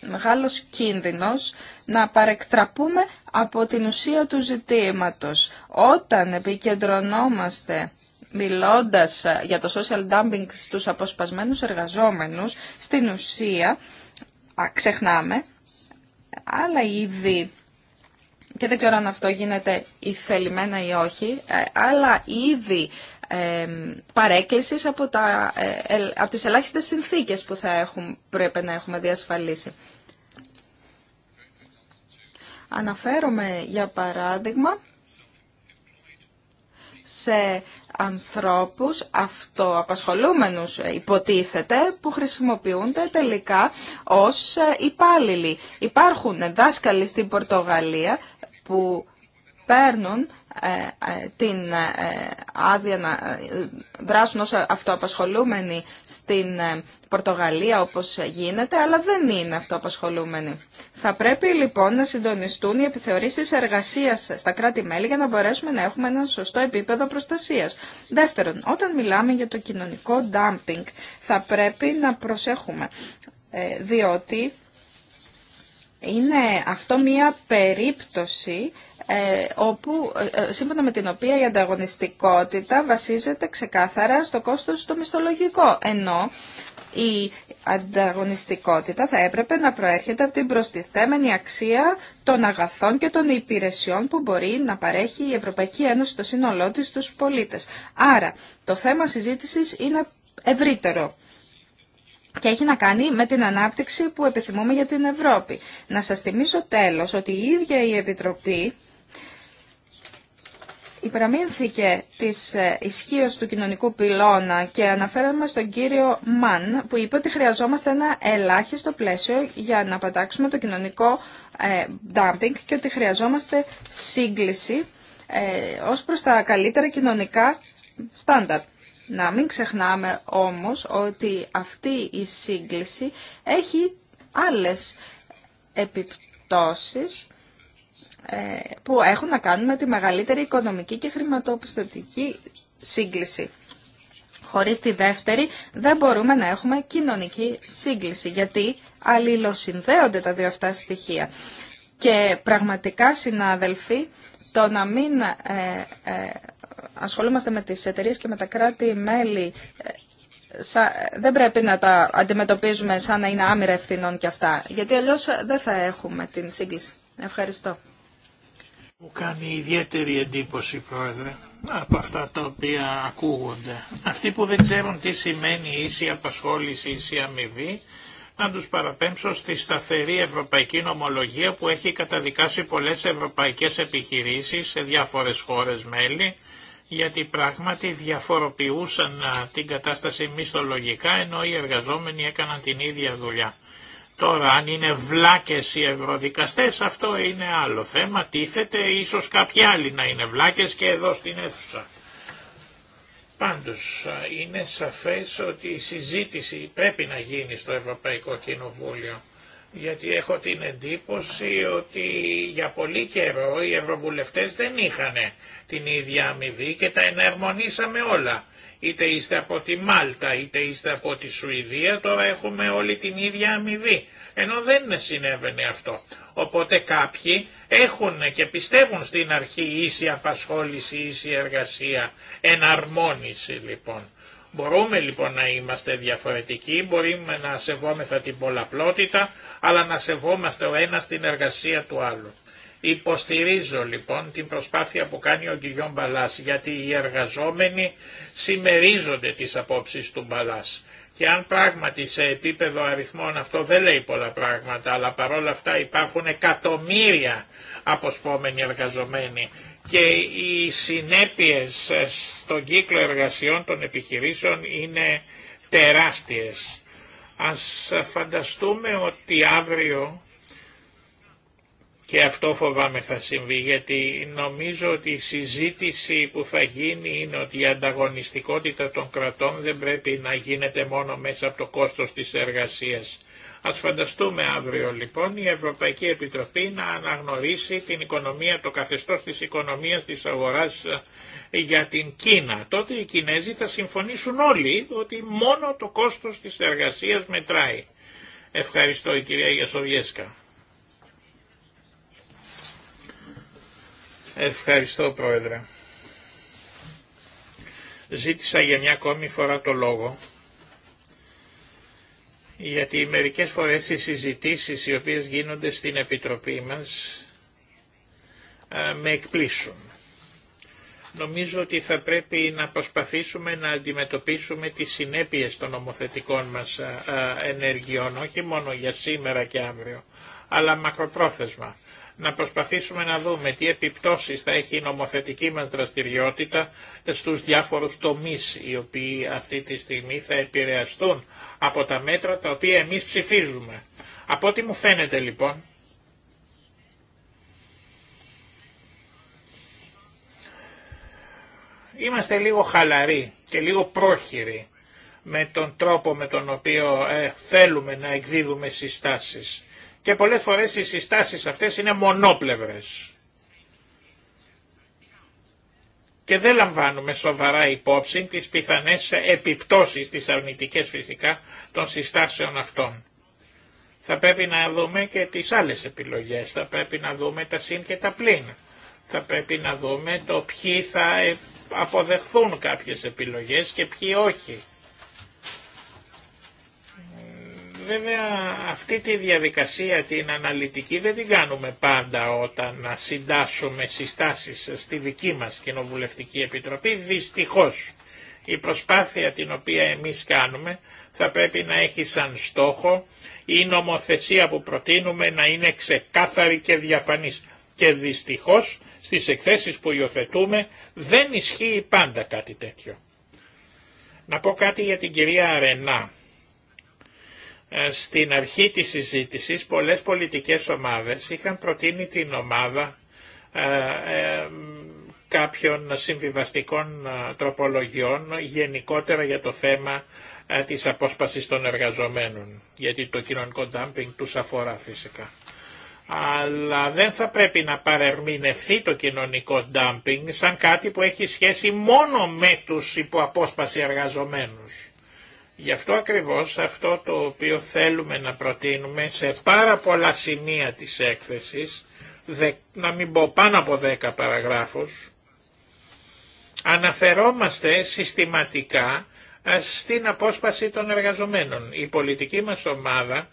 μεγάλος κίνδυνος να παρεκτραπούμε από την ουσία του ζητήματος. Όταν επικεντρωνόμαστε μιλώντας ε, για το social dumping στους αποσπασμένους εργαζόμενους, στην ουσία ξεχνάμε άλλα είδη και δεν ξέρω αν αυτό γίνεται θελημένα ή όχι, ε, άλλα είδη ε, παρέκκλησης από, τα, ε, από τις ελάχιστες συνθήκες που θα έχουν, πρέπει να έχουμε διασφαλίσει. Αναφέρομαι, για παράδειγμα, σε ανθρώπους αυτοαπασχολούμενους ε, υποτίθεται που χρησιμοποιούνται τελικά ως ε, υπάλληλοι. Υπάρχουν δάσκαλοι στην Πορτογαλία που παίρνουν ε, ε, την ε, άδεια να δράσουν ως αυτοαπασχολούμενοι στην Πορτογαλία όπως γίνεται, αλλά δεν είναι αυτοαπασχολούμενοι. Θα πρέπει λοιπόν να συντονιστούν οι επιθεωρήσεις εργασίας στα κράτη-μέλη για να μπορέσουμε να έχουμε ένα σωστό επίπεδο προστασίας. Δεύτερον, όταν μιλάμε για το κοινωνικό dumping θα πρέπει να προσέχουμε, διότι είναι αυτό μία περίπτωση ε, όπου, ε, ε, σύμφωνα με την οποία η ανταγωνιστικότητα βασίζεται ξεκάθαρα στο κόστος στο μισθολογικό, ενώ η ανταγωνιστικότητα θα έπρεπε να προέρχεται από την προστιθέμενη αξία των αγαθών και των υπηρεσιών που μπορεί να παρέχει η Ευρωπαϊκή Ένωση στο σύνολό της στους πολίτες. Άρα, το θέμα συζήτησης είναι ευρύτερο και έχει να κάνει με την ανάπτυξη που επιθυμούμε για την Ευρώπη. Να σας θυμίσω τέλος ότι η ίδια η Επιτροπή Υπεραμήνθηκε της ε, ισχύω του κοινωνικού πυλώνα και αναφέραμε στον κύριο Μαν που είπε ότι χρειαζόμαστε ένα ελάχιστο πλαίσιο για να πατάξουμε το κοινωνικό ε, dumping και ότι χρειαζόμαστε σύγκληση ε, ως προς τα καλύτερα κοινωνικά στάνταρ. Να μην ξεχνάμε όμως ότι αυτή η σύγκληση έχει άλλες επιπτώσεις ε, που έχουν να κάνουν με τη μεγαλύτερη οικονομική και χρηματοπιστωτική σύγκληση. Χωρίς τη δεύτερη δεν μπορούμε να έχουμε κοινωνική σύγκληση, γιατί αλληλοσυνδέονται τα δύο αυτά στοιχεία. Και πραγματικά, συνάδελφοι, το να μην ε, ε ασχολούμαστε με τις εταιρείες και με τα κράτη-μέλη ε, δεν πρέπει να τα αντιμετωπίζουμε σαν να είναι άμυρα ευθυνών και αυτά, γιατί αλλιώς δεν θα έχουμε την σύγκληση. Ευχαριστώ. Μου κάνει ιδιαίτερη εντύπωση, Πρόεδρε, από αυτά τα οποία ακούγονται. Αυτοί που δεν ξέρουν τι σημαίνει ίση απασχόληση, ίση αμοιβή, να τους παραπέμψω στη σταθερή ευρωπαϊκή νομολογία που έχει καταδικάσει πολλές ευρωπαϊκές επιχειρήσεις σε διάφορες χώρες μέλη, γιατί πράγματι διαφοροποιούσαν την κατάσταση μισθολογικά, ενώ οι εργαζόμενοι έκαναν την ίδια δουλειά. Τώρα αν είναι βλάκες οι ευρωδικαστές αυτό είναι άλλο θέμα, τίθεται ίσως κάποιοι άλλοι να είναι βλάκες και εδώ στην αίθουσα. Πάντως είναι σαφές ότι η συζήτηση πρέπει να γίνει στο Ευρωπαϊκό Κοινοβούλιο γιατί έχω την εντύπωση ότι για πολύ καιρό οι ευρωβουλευτές δεν είχαν την ίδια αμοιβή και τα εναρμονίσαμε όλα είτε είστε από τη Μάλτα, είτε είστε από τη Σουηδία, τώρα έχουμε όλη την ίδια αμοιβή. Ενώ δεν συνέβαινε αυτό. Οπότε κάποιοι έχουν και πιστεύουν στην αρχή ίση απασχόληση, ίση εργασία, εναρμόνιση λοιπόν. Μπορούμε λοιπόν να είμαστε διαφορετικοί, μπορούμε να σεβόμεθα την πολλαπλότητα, αλλά να σεβόμαστε ο ένας την εργασία του άλλου. Υποστηρίζω λοιπόν την προσπάθεια που κάνει ο Κιγιόν Μπαλάς γιατί οι εργαζόμενοι συμμερίζονται τις απόψεις του Μπαλάς. Και αν πράγματι σε επίπεδο αριθμών αυτό δεν λέει πολλά πράγματα, αλλά παρόλα αυτά υπάρχουν εκατομμύρια αποσπόμενοι εργαζομένοι και οι συνέπειες στον κύκλο εργασιών των επιχειρήσεων είναι τεράστιες. Ας φανταστούμε ότι αύριο και αυτό φοβάμαι θα συμβεί γιατί νομίζω ότι η συζήτηση που θα γίνει είναι ότι η ανταγωνιστικότητα των κρατών δεν πρέπει να γίνεται μόνο μέσα από το κόστος της εργασίας. Ας φανταστούμε αύριο λοιπόν η Ευρωπαϊκή Επιτροπή να αναγνωρίσει την οικονομία, το καθεστώς της οικονομίας της αγοράς ε, για την Κίνα. Τότε οι Κινέζοι θα συμφωνήσουν όλοι ότι μόνο το κόστος της εργασίας μετράει. Ευχαριστώ η κυρία Γιασοβιέσκα. Ευχαριστώ Πρόεδρε. Ζήτησα για μια ακόμη φορά το λόγο γιατί μερικές φορές οι συζητήσεις οι οποίες γίνονται στην Επιτροπή μας με εκπλήσουν. Νομίζω ότι θα πρέπει να προσπαθήσουμε να αντιμετωπίσουμε τις συνέπειες των νομοθετικών μας ενεργειών, όχι μόνο για σήμερα και αύριο, αλλά μακροπρόθεσμα να προσπαθήσουμε να δούμε τι επιπτώσεις θα έχει η νομοθετική μας δραστηριότητα στους διάφορους τομείς οι οποίοι αυτή τη στιγμή θα επηρεαστούν από τα μέτρα τα οποία εμείς ψηφίζουμε. Από ό,τι μου φαίνεται λοιπόν, είμαστε λίγο χαλαροί και λίγο πρόχειροι με τον τρόπο με τον οποίο ε, θέλουμε να εκδίδουμε συστάσεις και πολλές φορές οι συστάσεις αυτές είναι μονόπλευρες. Και δεν λαμβάνουμε σοβαρά υπόψη τις πιθανές επιπτώσεις, τις αρνητικές φυσικά, των συστάσεων αυτών. Θα πρέπει να δούμε και τις άλλες επιλογές, θα πρέπει να δούμε τα συν και τα πλήν. Θα πρέπει να δούμε το ποιοι θα ε, αποδεχθούν κάποιες επιλογές και ποιοι όχι. βέβαια αυτή τη διαδικασία την αναλυτική δεν την κάνουμε πάντα όταν συντάσσουμε συστάσεις στη δική μας Κοινοβουλευτική Επιτροπή. Δυστυχώς η προσπάθεια την οποία εμείς κάνουμε θα πρέπει να έχει σαν στόχο η νομοθεσία που προτείνουμε να είναι ξεκάθαρη και διαφανής. Και δυστυχώς στις εκθέσεις που υιοθετούμε δεν ισχύει πάντα κάτι τέτοιο. Να πω κάτι για την κυρία Αρενά ε, στην αρχή της συζήτησης πολλές πολιτικές ομάδες είχαν προτείνει την ομάδα ε, ε, κάποιων συμβιβαστικών τροπολογιών γενικότερα για το θέμα της απόσπασης των εργαζομένων, γιατί το κοινωνικό ντάμπινγκ τους αφορά φυσικά. Αλλά δεν θα πρέπει να παρερμηνευθεί το κοινωνικό ντάμπινγκ σαν κάτι που έχει σχέση μόνο με τους υποαπόσπαση εργαζομένους. Γι' αυτό ακριβώς αυτό το οποίο θέλουμε να προτείνουμε σε πάρα πολλά σημεία της έκθεσης, να μην πω πάνω από δέκα παραγράφους, αναφερόμαστε συστηματικά στην απόσπαση των εργαζομένων. Η πολιτική μας ομάδα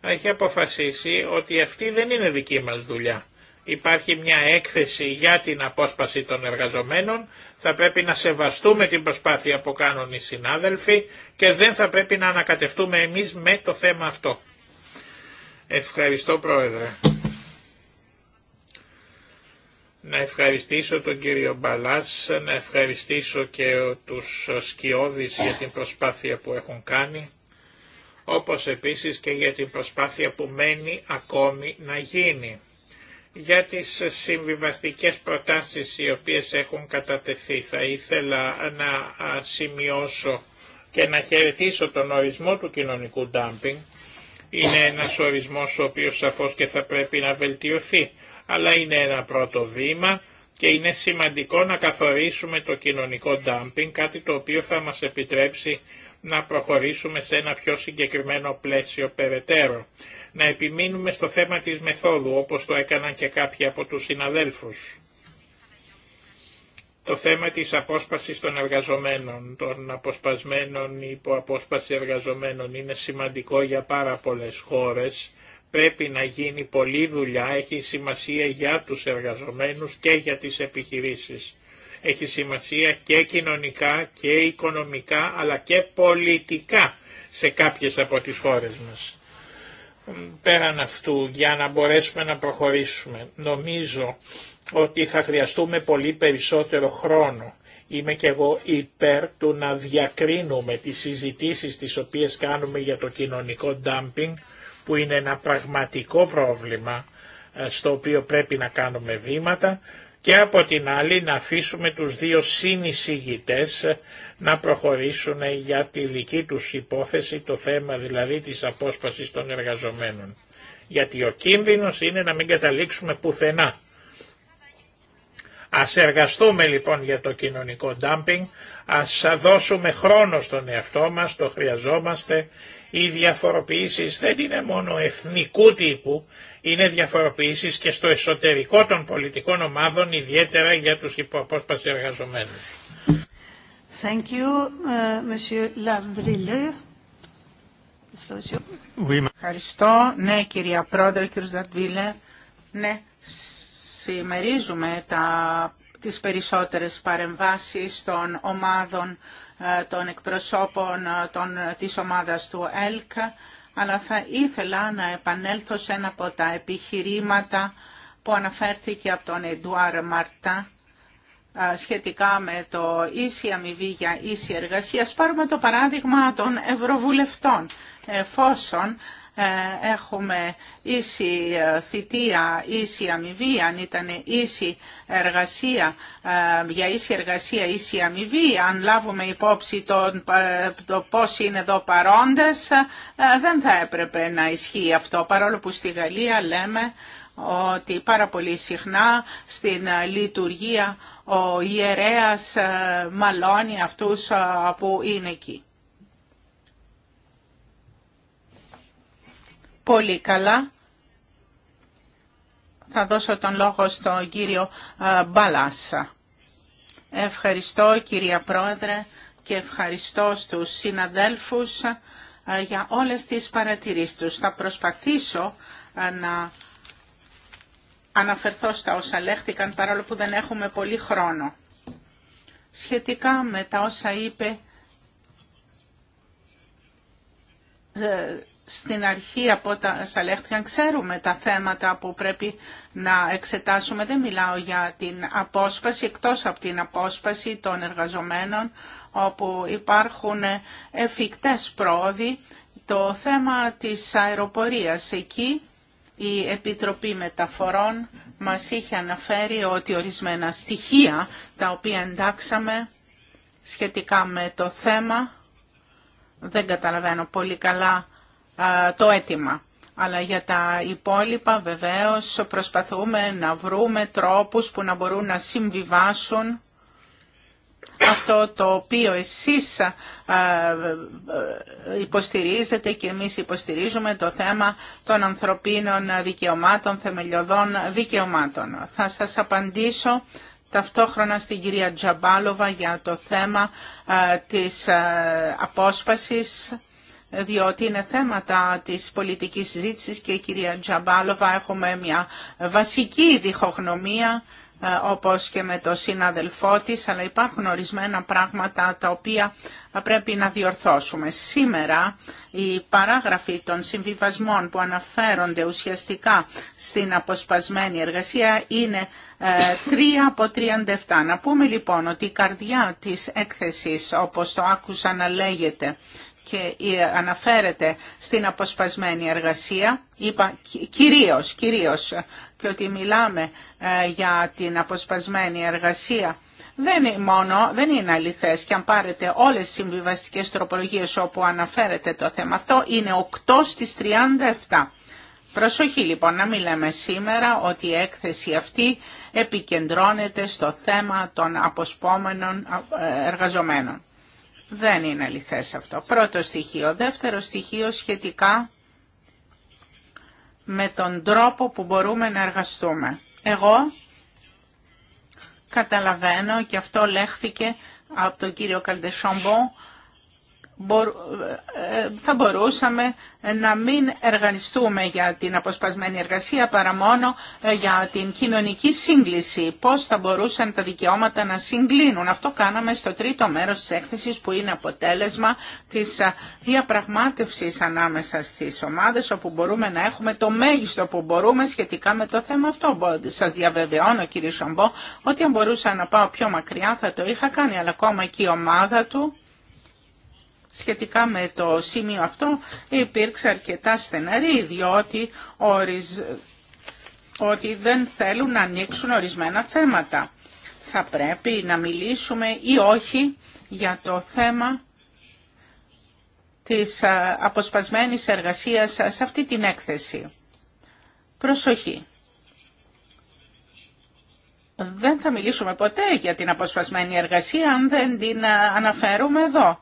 έχει αποφασίσει ότι αυτή δεν είναι δική μας δουλειά υπάρχει μια έκθεση για την απόσπαση των εργαζομένων, θα πρέπει να σεβαστούμε την προσπάθεια που κάνουν οι συνάδελφοι και δεν θα πρέπει να ανακατευτούμε εμείς με το θέμα αυτό. Ευχαριστώ Πρόεδρε. Να ευχαριστήσω τον κύριο Μπαλάς, να ευχαριστήσω και τους σκιώδεις για την προσπάθεια που έχουν κάνει, όπως επίσης και για την προσπάθεια που μένει ακόμη να γίνει για τις συμβιβαστικές προτάσεις οι οποίες έχουν κατατεθεί. Θα ήθελα να σημειώσω και να χαιρετήσω τον ορισμό του κοινωνικού ντάμπινγκ. Είναι ένας ορισμός ο οποίος σαφώς και θα πρέπει να βελτιωθεί, αλλά είναι ένα πρώτο βήμα και είναι σημαντικό να καθορίσουμε το κοινωνικό ντάμπινγκ, κάτι το οποίο θα μας επιτρέψει να προχωρήσουμε σε ένα πιο συγκεκριμένο πλαίσιο περαιτέρω να επιμείνουμε στο θέμα της μεθόδου, όπως το έκαναν και κάποιοι από τους συναδέλφους. Το θέμα της απόσπασης των εργαζομένων, των αποσπασμένων ή απόσπαση εργαζομένων είναι σημαντικό για πάρα πολλές χώρες. Πρέπει να γίνει πολλή δουλειά, έχει σημασία για τους εργαζομένους και για τις επιχειρήσεις. Έχει σημασία και κοινωνικά και οικονομικά αλλά και πολιτικά σε κάποιες από τις χώρες μας πέραν αυτού για να μπορέσουμε να προχωρήσουμε. Νομίζω ότι θα χρειαστούμε πολύ περισσότερο χρόνο. Είμαι και εγώ υπέρ του να διακρίνουμε τις συζητήσεις τις οποίες κάνουμε για το κοινωνικό ντάμπινγκ που είναι ένα πραγματικό πρόβλημα ε, στο οποίο πρέπει να κάνουμε βήματα και από την άλλη να αφήσουμε τους δύο συνεισηγητές ε, να προχωρήσουν για τη δική τους υπόθεση, το θέμα δηλαδή της απόσπασης των εργαζομένων. Γιατί ο κίνδυνος είναι να μην καταλήξουμε πουθενά. Ας εργαστούμε λοιπόν για το κοινωνικό ντάμπινγκ, ας δώσουμε χρόνο στον εαυτό μας, το χρειαζόμαστε. Οι διαφοροποιήσεις δεν είναι μόνο εθνικού τύπου, είναι διαφοροποιήσεις και στο εσωτερικό των πολιτικών ομάδων, ιδιαίτερα για τους υποαπόσπαση εργαζομένους. Ευχαριστώ. Ναι, κυρία Πρόεδρε, κύριος Δαντβίλε. Ναι, συμμερίζουμε τα, τις περισσότερες παρεμβάσεις των ομάδων, ε, των εκπροσώπων ε, των, της ομάδας του ΕΛΚ, αλλά θα ήθελα να επανέλθω σε ένα από τα επιχειρήματα που αναφέρθηκε από τον Εντουάρ Μαρτά, σχετικά με το ίση αμοιβή για ίση εργασία. Πάρουμε το παράδειγμα των ευρωβουλευτών. Εφόσον ε, έχουμε ίση ε, θητεία, ίση αμοιβή, αν ήταν ίση εργασία, ε, για ίση εργασία, ίση αμοιβή, αν λάβουμε υπόψη το, το πώς είναι εδώ παρόντες, δεν θα έπρεπε να ισχύει αυτό, παρόλο που στη Γαλλία λέμε ότι πάρα πολύ συχνά στην ε, λειτουργία ο ιερέας ε, μαλώνει αυτούς ε, που είναι εκεί. Πολύ καλά. Θα δώσω τον λόγο στον κύριο Μπαλάσα. Ευχαριστώ κυρία Πρόεδρε και ευχαριστώ στους συναδέλφους για όλες τις παρατηρήσεις τους. Θα προσπαθήσω να αναφερθώ στα όσα λέχθηκαν παρόλο που δεν έχουμε πολύ χρόνο. Σχετικά με τα όσα είπε ε, στην αρχή από τα Σαλέχτιαν ξέρουμε τα θέματα που πρέπει να εξετάσουμε. Δεν μιλάω για την απόσπαση, εκτός από την απόσπαση των εργαζομένων, όπου υπάρχουν εφικτές πρόοδοι. Το θέμα της αεροπορίας εκεί η Επιτροπή Μεταφορών μας είχε αναφέρει ότι ορισμένα στοιχεία τα οποία εντάξαμε σχετικά με το θέμα, δεν καταλαβαίνω πολύ καλά το αίτημα. Αλλά για τα υπόλοιπα βεβαίως προσπαθούμε να βρούμε τρόπους που να μπορούν να συμβιβάσουν αυτό το οποίο εσείς υποστηρίζετε και εμείς υποστηρίζουμε το θέμα των ανθρωπίνων δικαιωμάτων, θεμελιωδών δικαιωμάτων. Θα σας απαντήσω ταυτόχρονα στην κυρία Τζαμπάλοβα για το θέμα της απόσπασης διότι είναι θέματα της πολιτικής συζήτησης και η κυρία Τζαμπάλοβα έχουμε μια βασική διχογνωμία ε, όπως και με το συναδελφό της, αλλά υπάρχουν ορισμένα πράγματα τα οποία πρέπει να διορθώσουμε. Σήμερα οι παράγραφοι των συμβιβασμών που αναφέρονται ουσιαστικά στην αποσπασμένη εργασία είναι 3 ε, από 37. Να πούμε λοιπόν ότι η καρδιά της έκθεσης, όπως το άκουσα να λέγεται, και αναφέρεται στην αποσπασμένη εργασία, είπα κυρίως, κυρίως και ότι μιλάμε ε, για την αποσπασμένη εργασία, δεν είναι μόνο, δεν είναι αληθές και αν πάρετε όλες τις συμβιβαστικές τροπολογίες όπου αναφέρεται το θέμα αυτό, είναι 8 στις 37. Προσοχή λοιπόν να μιλάμε σήμερα ότι η έκθεση αυτή επικεντρώνεται στο θέμα των αποσπόμενων ε, εργαζομένων. Δεν είναι αληθές αυτό. Πρώτο στοιχείο. Δεύτερο στοιχείο σχετικά με τον τρόπο που μπορούμε να εργαστούμε. Εγώ καταλαβαίνω και αυτό λέχθηκε από τον κύριο Καλτεσόμπο... Ε, θα μπορούσαμε να μην εργανιστούμε για την αποσπασμένη εργασία παρά μόνο ε, για την κοινωνική σύγκληση. Πώς θα μπορούσαν τα δικαιώματα να συγκλίνουν. Αυτό κάναμε στο τρίτο μέρος της έκθεσης που είναι αποτέλεσμα της ε, διαπραγμάτευσης ανάμεσα στις ομάδες όπου μπορούμε να έχουμε το μέγιστο που μπορούμε σχετικά με το θέμα αυτό. Σας διαβεβαιώνω κύριε Σομπό ότι αν μπορούσα να πάω πιο μακριά θα το είχα κάνει αλλά ακόμα και η ομάδα του σχετικά με το σημείο αυτό υπήρξε αρκετά στεναρή, διότι ότι δεν θέλουν να ανοίξουν ορισμένα θέματα. Θα πρέπει να μιλήσουμε ή όχι για το θέμα της αποσπασμένης εργασίας σε αυτή την έκθεση. Προσοχή. Δεν θα μιλήσουμε ποτέ για την αποσπασμένη εργασία αν δεν την αναφέρουμε εδώ.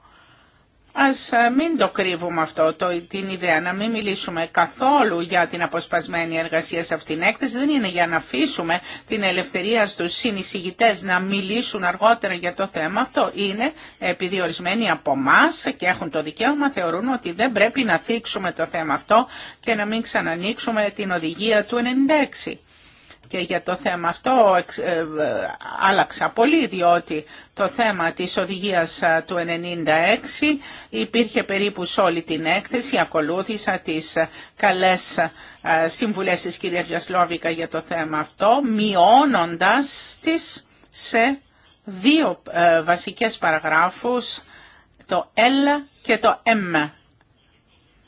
Ας ε, μην το κρύβουμε αυτό, το, την ιδέα να μην μιλήσουμε καθόλου για την αποσπασμένη εργασία σε αυτήν την έκθεση. Δεν είναι για να αφήσουμε την ελευθερία στους συνεισηγητές να μιλήσουν αργότερα για το θέμα αυτό. Είναι επειδή ορισμένοι από εμά και έχουν το δικαίωμα θεωρούν ότι δεν πρέπει να θίξουμε το θέμα αυτό και να μην ξανανοίξουμε την οδηγία του 96 και για το θέμα αυτό ε, ε, άλλαξα πολύ διότι το θέμα της οδηγίας του 96 υπήρχε περίπου σε όλη την έκθεση. Ακολούθησα τις ε, καλές συμβουλές της κυρία Γιασλόβικα για το θέμα αυτό μειώνοντας τις σε δύο βασικές παραγράφους το L και το M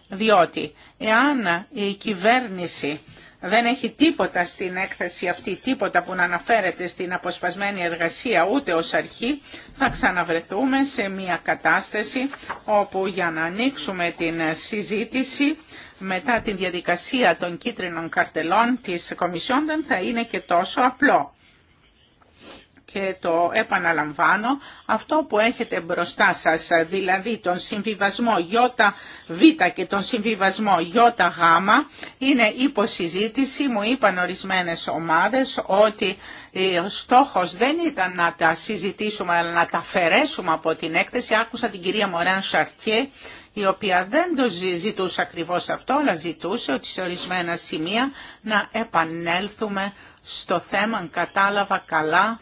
διότι εάν η κυβέρνηση δεν έχει τίποτα στην έκθεση αυτή, τίποτα που να αναφέρεται στην αποσπασμένη εργασία ούτε ως αρχή. Θα ξαναβρεθούμε σε μια κατάσταση όπου για να ανοίξουμε την συζήτηση μετά τη διαδικασία των κίτρινων καρτελών της Κομισιόν δεν θα είναι και τόσο απλό και το επαναλαμβάνω, αυτό που έχετε μπροστά σας, δηλαδή τον συμβιβασμό ΙΒ και τον συμβιβασμό ΙΓ, είναι υποσυζήτηση. Μου είπαν ορισμένες ομάδες ότι ε, ο στόχος δεν ήταν να τα συζητήσουμε, αλλά να τα αφαιρέσουμε από την έκθεση. Άκουσα την κυρία Μωράν Σαρτιέ, η οποία δεν το ζητούσε ακριβώς αυτό, αλλά ζητούσε ότι σε ορισμένα σημεία να επανέλθουμε στο θέμα, αν κατάλαβα καλά,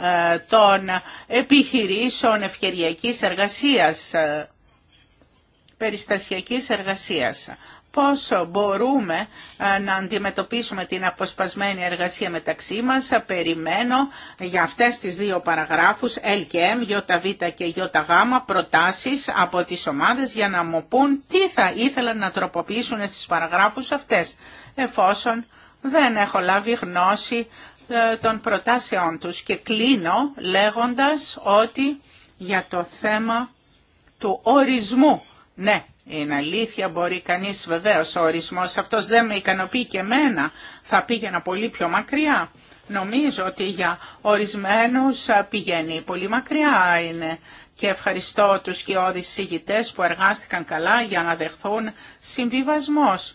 ε, των επιχειρήσεων ευκαιριακής εργασίας, ε, περιστασιακής εργασίας. Πώς μπορούμε ε, να αντιμετωπίσουμε την αποσπασμένη εργασία μεταξύ μας. Περιμένω για αυτές τις δύο παραγράφους, L και M, ΙΒ και ΙΓ, προτάσεις από τις ομάδες για να μου πούν τι θα ήθελαν να τροποποιήσουν στις παραγράφους αυτές, εφόσον δεν έχω λάβει γνώση ε, των προτάσεών τους και κλείνω λέγοντας ότι για το θέμα του ορισμού, ναι, είναι αλήθεια, μπορεί κανείς βεβαίως ο ορισμός αυτός δεν με ικανοποιεί και εμένα, θα πήγαινα πολύ πιο μακριά. Νομίζω ότι για ορισμένους ε, πηγαίνει πολύ μακριά είναι και ευχαριστώ τους και συγητές που εργάστηκαν καλά για να δεχθούν συμβιβασμός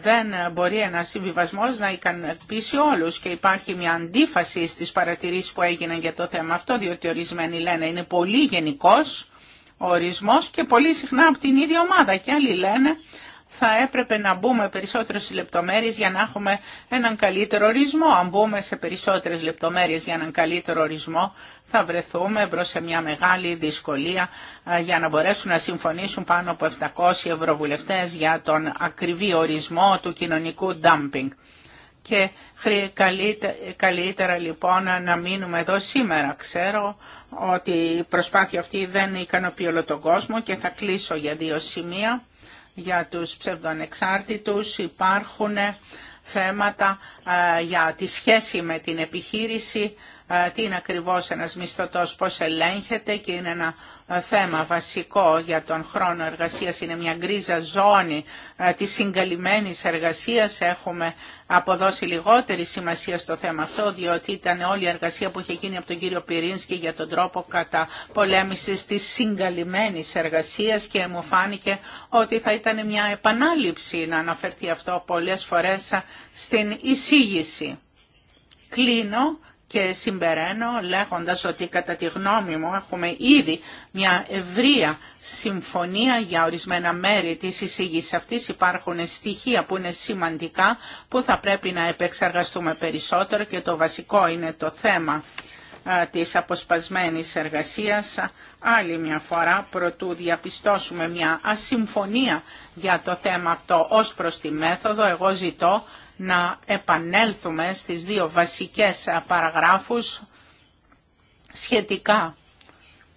δεν μπορεί ένα συμβιβασμό να ικανοποιήσει όλου. και υπάρχει μια αντίφαση στις παρατηρήσεις που έγιναν για το θέμα αυτό, διότι ορισμένοι λένε είναι πολύ γενικό ο ορισμός και πολύ συχνά από την ίδια ομάδα και άλλοι λένε θα έπρεπε να μπούμε περισσότερο λεπτομέρειες για να έχουμε έναν καλύτερο ορισμό. Αν μπούμε σε περισσότερες λεπτομέρειες για έναν καλύτερο ορισμό, θα βρεθούμε μπρος σε μια μεγάλη δυσκολία για να μπορέσουν να συμφωνήσουν πάνω από 700 ευρωβουλευτές για τον ακριβή ορισμό του κοινωνικού dumping Και καλύτερα, καλύτερα λοιπόν να μείνουμε εδώ σήμερα. Ξέρω ότι η προσπάθεια αυτή δεν ικανοποιεί όλο τον κόσμο και θα κλείσω για δύο σημεία για τους ψευδοανεξάρτητους, υπάρχουν ε, θέματα ε, για τη σχέση με την επιχείρηση, ε, τι είναι ακριβώς ένας μισθωτός, πώς ελέγχεται και είναι ένα θέμα βασικό για τον χρόνο εργασίας. Είναι μια γκρίζα ζώνη ε, της συγκαλυμμένης εργασίας. Έχουμε αποδώσει λιγότερη σημασία στο θέμα αυτό, διότι ήταν όλη η εργασία που είχε γίνει από τον κύριο Πυρίνσκι για τον τρόπο κατά πολέμησης της συγκαλυμμένης εργασίας και μου φάνηκε ότι θα ήταν μια επανάληψη να αναφερθεί αυτό πολλές φορές στην εισήγηση. Κλείνω και συμπεραίνω λέγοντας ότι κατά τη γνώμη μου έχουμε ήδη μια ευρεία συμφωνία για ορισμένα μέρη της εισήγησης αυτής. Υπάρχουν στοιχεία που είναι σημαντικά που θα πρέπει να επεξεργαστούμε περισσότερο και το βασικό είναι το θέμα της αποσπασμένης εργασίας. Άλλη μια φορά προτού διαπιστώσουμε μια ασυμφωνία για το θέμα αυτό ως προς τη μέθοδο, εγώ ζητώ να επανέλθουμε στις δύο βασικές παραγράφους σχετικά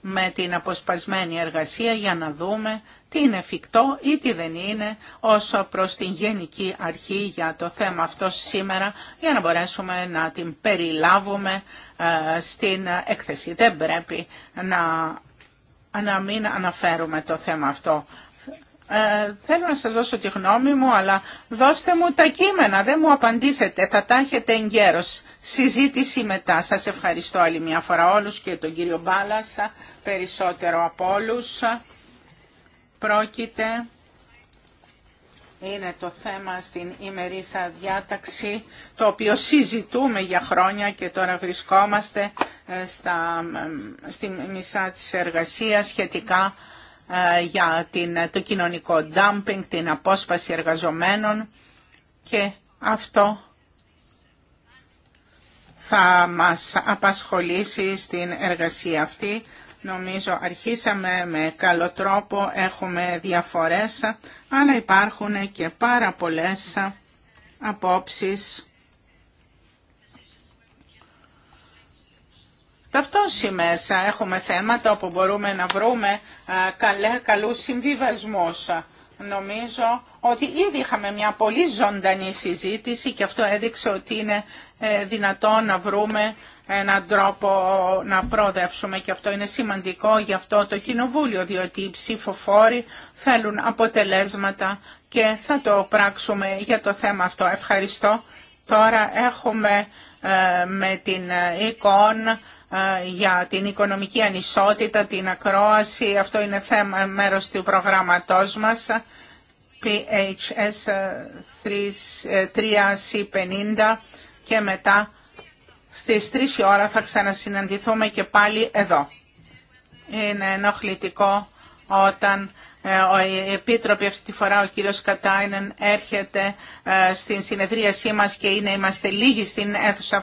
με την αποσπασμένη εργασία για να δούμε τι είναι εφικτό ή τι δεν είναι όσο προς την γενική αρχή για το θέμα αυτό σήμερα για να μπορέσουμε να την περιλάβουμε ε, στην έκθεση. Δεν πρέπει να, να μην αναφέρουμε το θέμα αυτό ε, θέλω να σας δώσω τη γνώμη μου, αλλά δώστε μου τα κείμενα, δεν μου απαντήσετε, θα τα έχετε εγκαίρως. Συζήτηση μετά. Σας ευχαριστώ άλλη μια φορά όλους και τον κύριο Μπάλασα περισσότερο από όλους. Πρόκειται, είναι το θέμα στην ημερήσα διάταξη, το οποίο συζητούμε για χρόνια και τώρα βρισκόμαστε ε, στα, στη μισά της εργασίας σχετικά ε, για την, το κοινωνικό dumping, την απόσπαση εργαζομένων και αυτό θα μας απασχολήσει στην εργασία αυτή. Νομίζω αρχίσαμε με καλό τρόπο, έχουμε διαφορές, αλλά υπάρχουν και πάρα πολλές απόψεις μέσα ε, Έχουμε θέματα όπου μπορούμε να βρούμε ε, καλούς συμβιβασμούς. Νομίζω ότι ήδη είχαμε μια πολύ ζωντανή συζήτηση και αυτό έδειξε ότι είναι ε, δυνατό να βρούμε έναν τρόπο να προοδεύσουμε και αυτό είναι σημαντικό για αυτό το Κοινοβούλιο, διότι οι ψηφοφόροι θέλουν αποτελέσματα και θα το πράξουμε για το θέμα αυτό. Ευχαριστώ. Τώρα έχουμε με την εικόνα για την οικονομική ανισότητα, την ακρόαση. Αυτό είναι θέμα, μέρος του προγράμματός μας. PHS 3C50 και μετά στις 3 η ώρα θα ξανασυναντηθούμε και πάλι εδώ. Είναι ενοχλητικό όταν ε, ο Επίτροπη αυτή τη φορά, ο κύριος Κατάινεν, έρχεται ε, στην συνεδρίασή μας και είναι, είμαστε λίγοι στην αίθουσα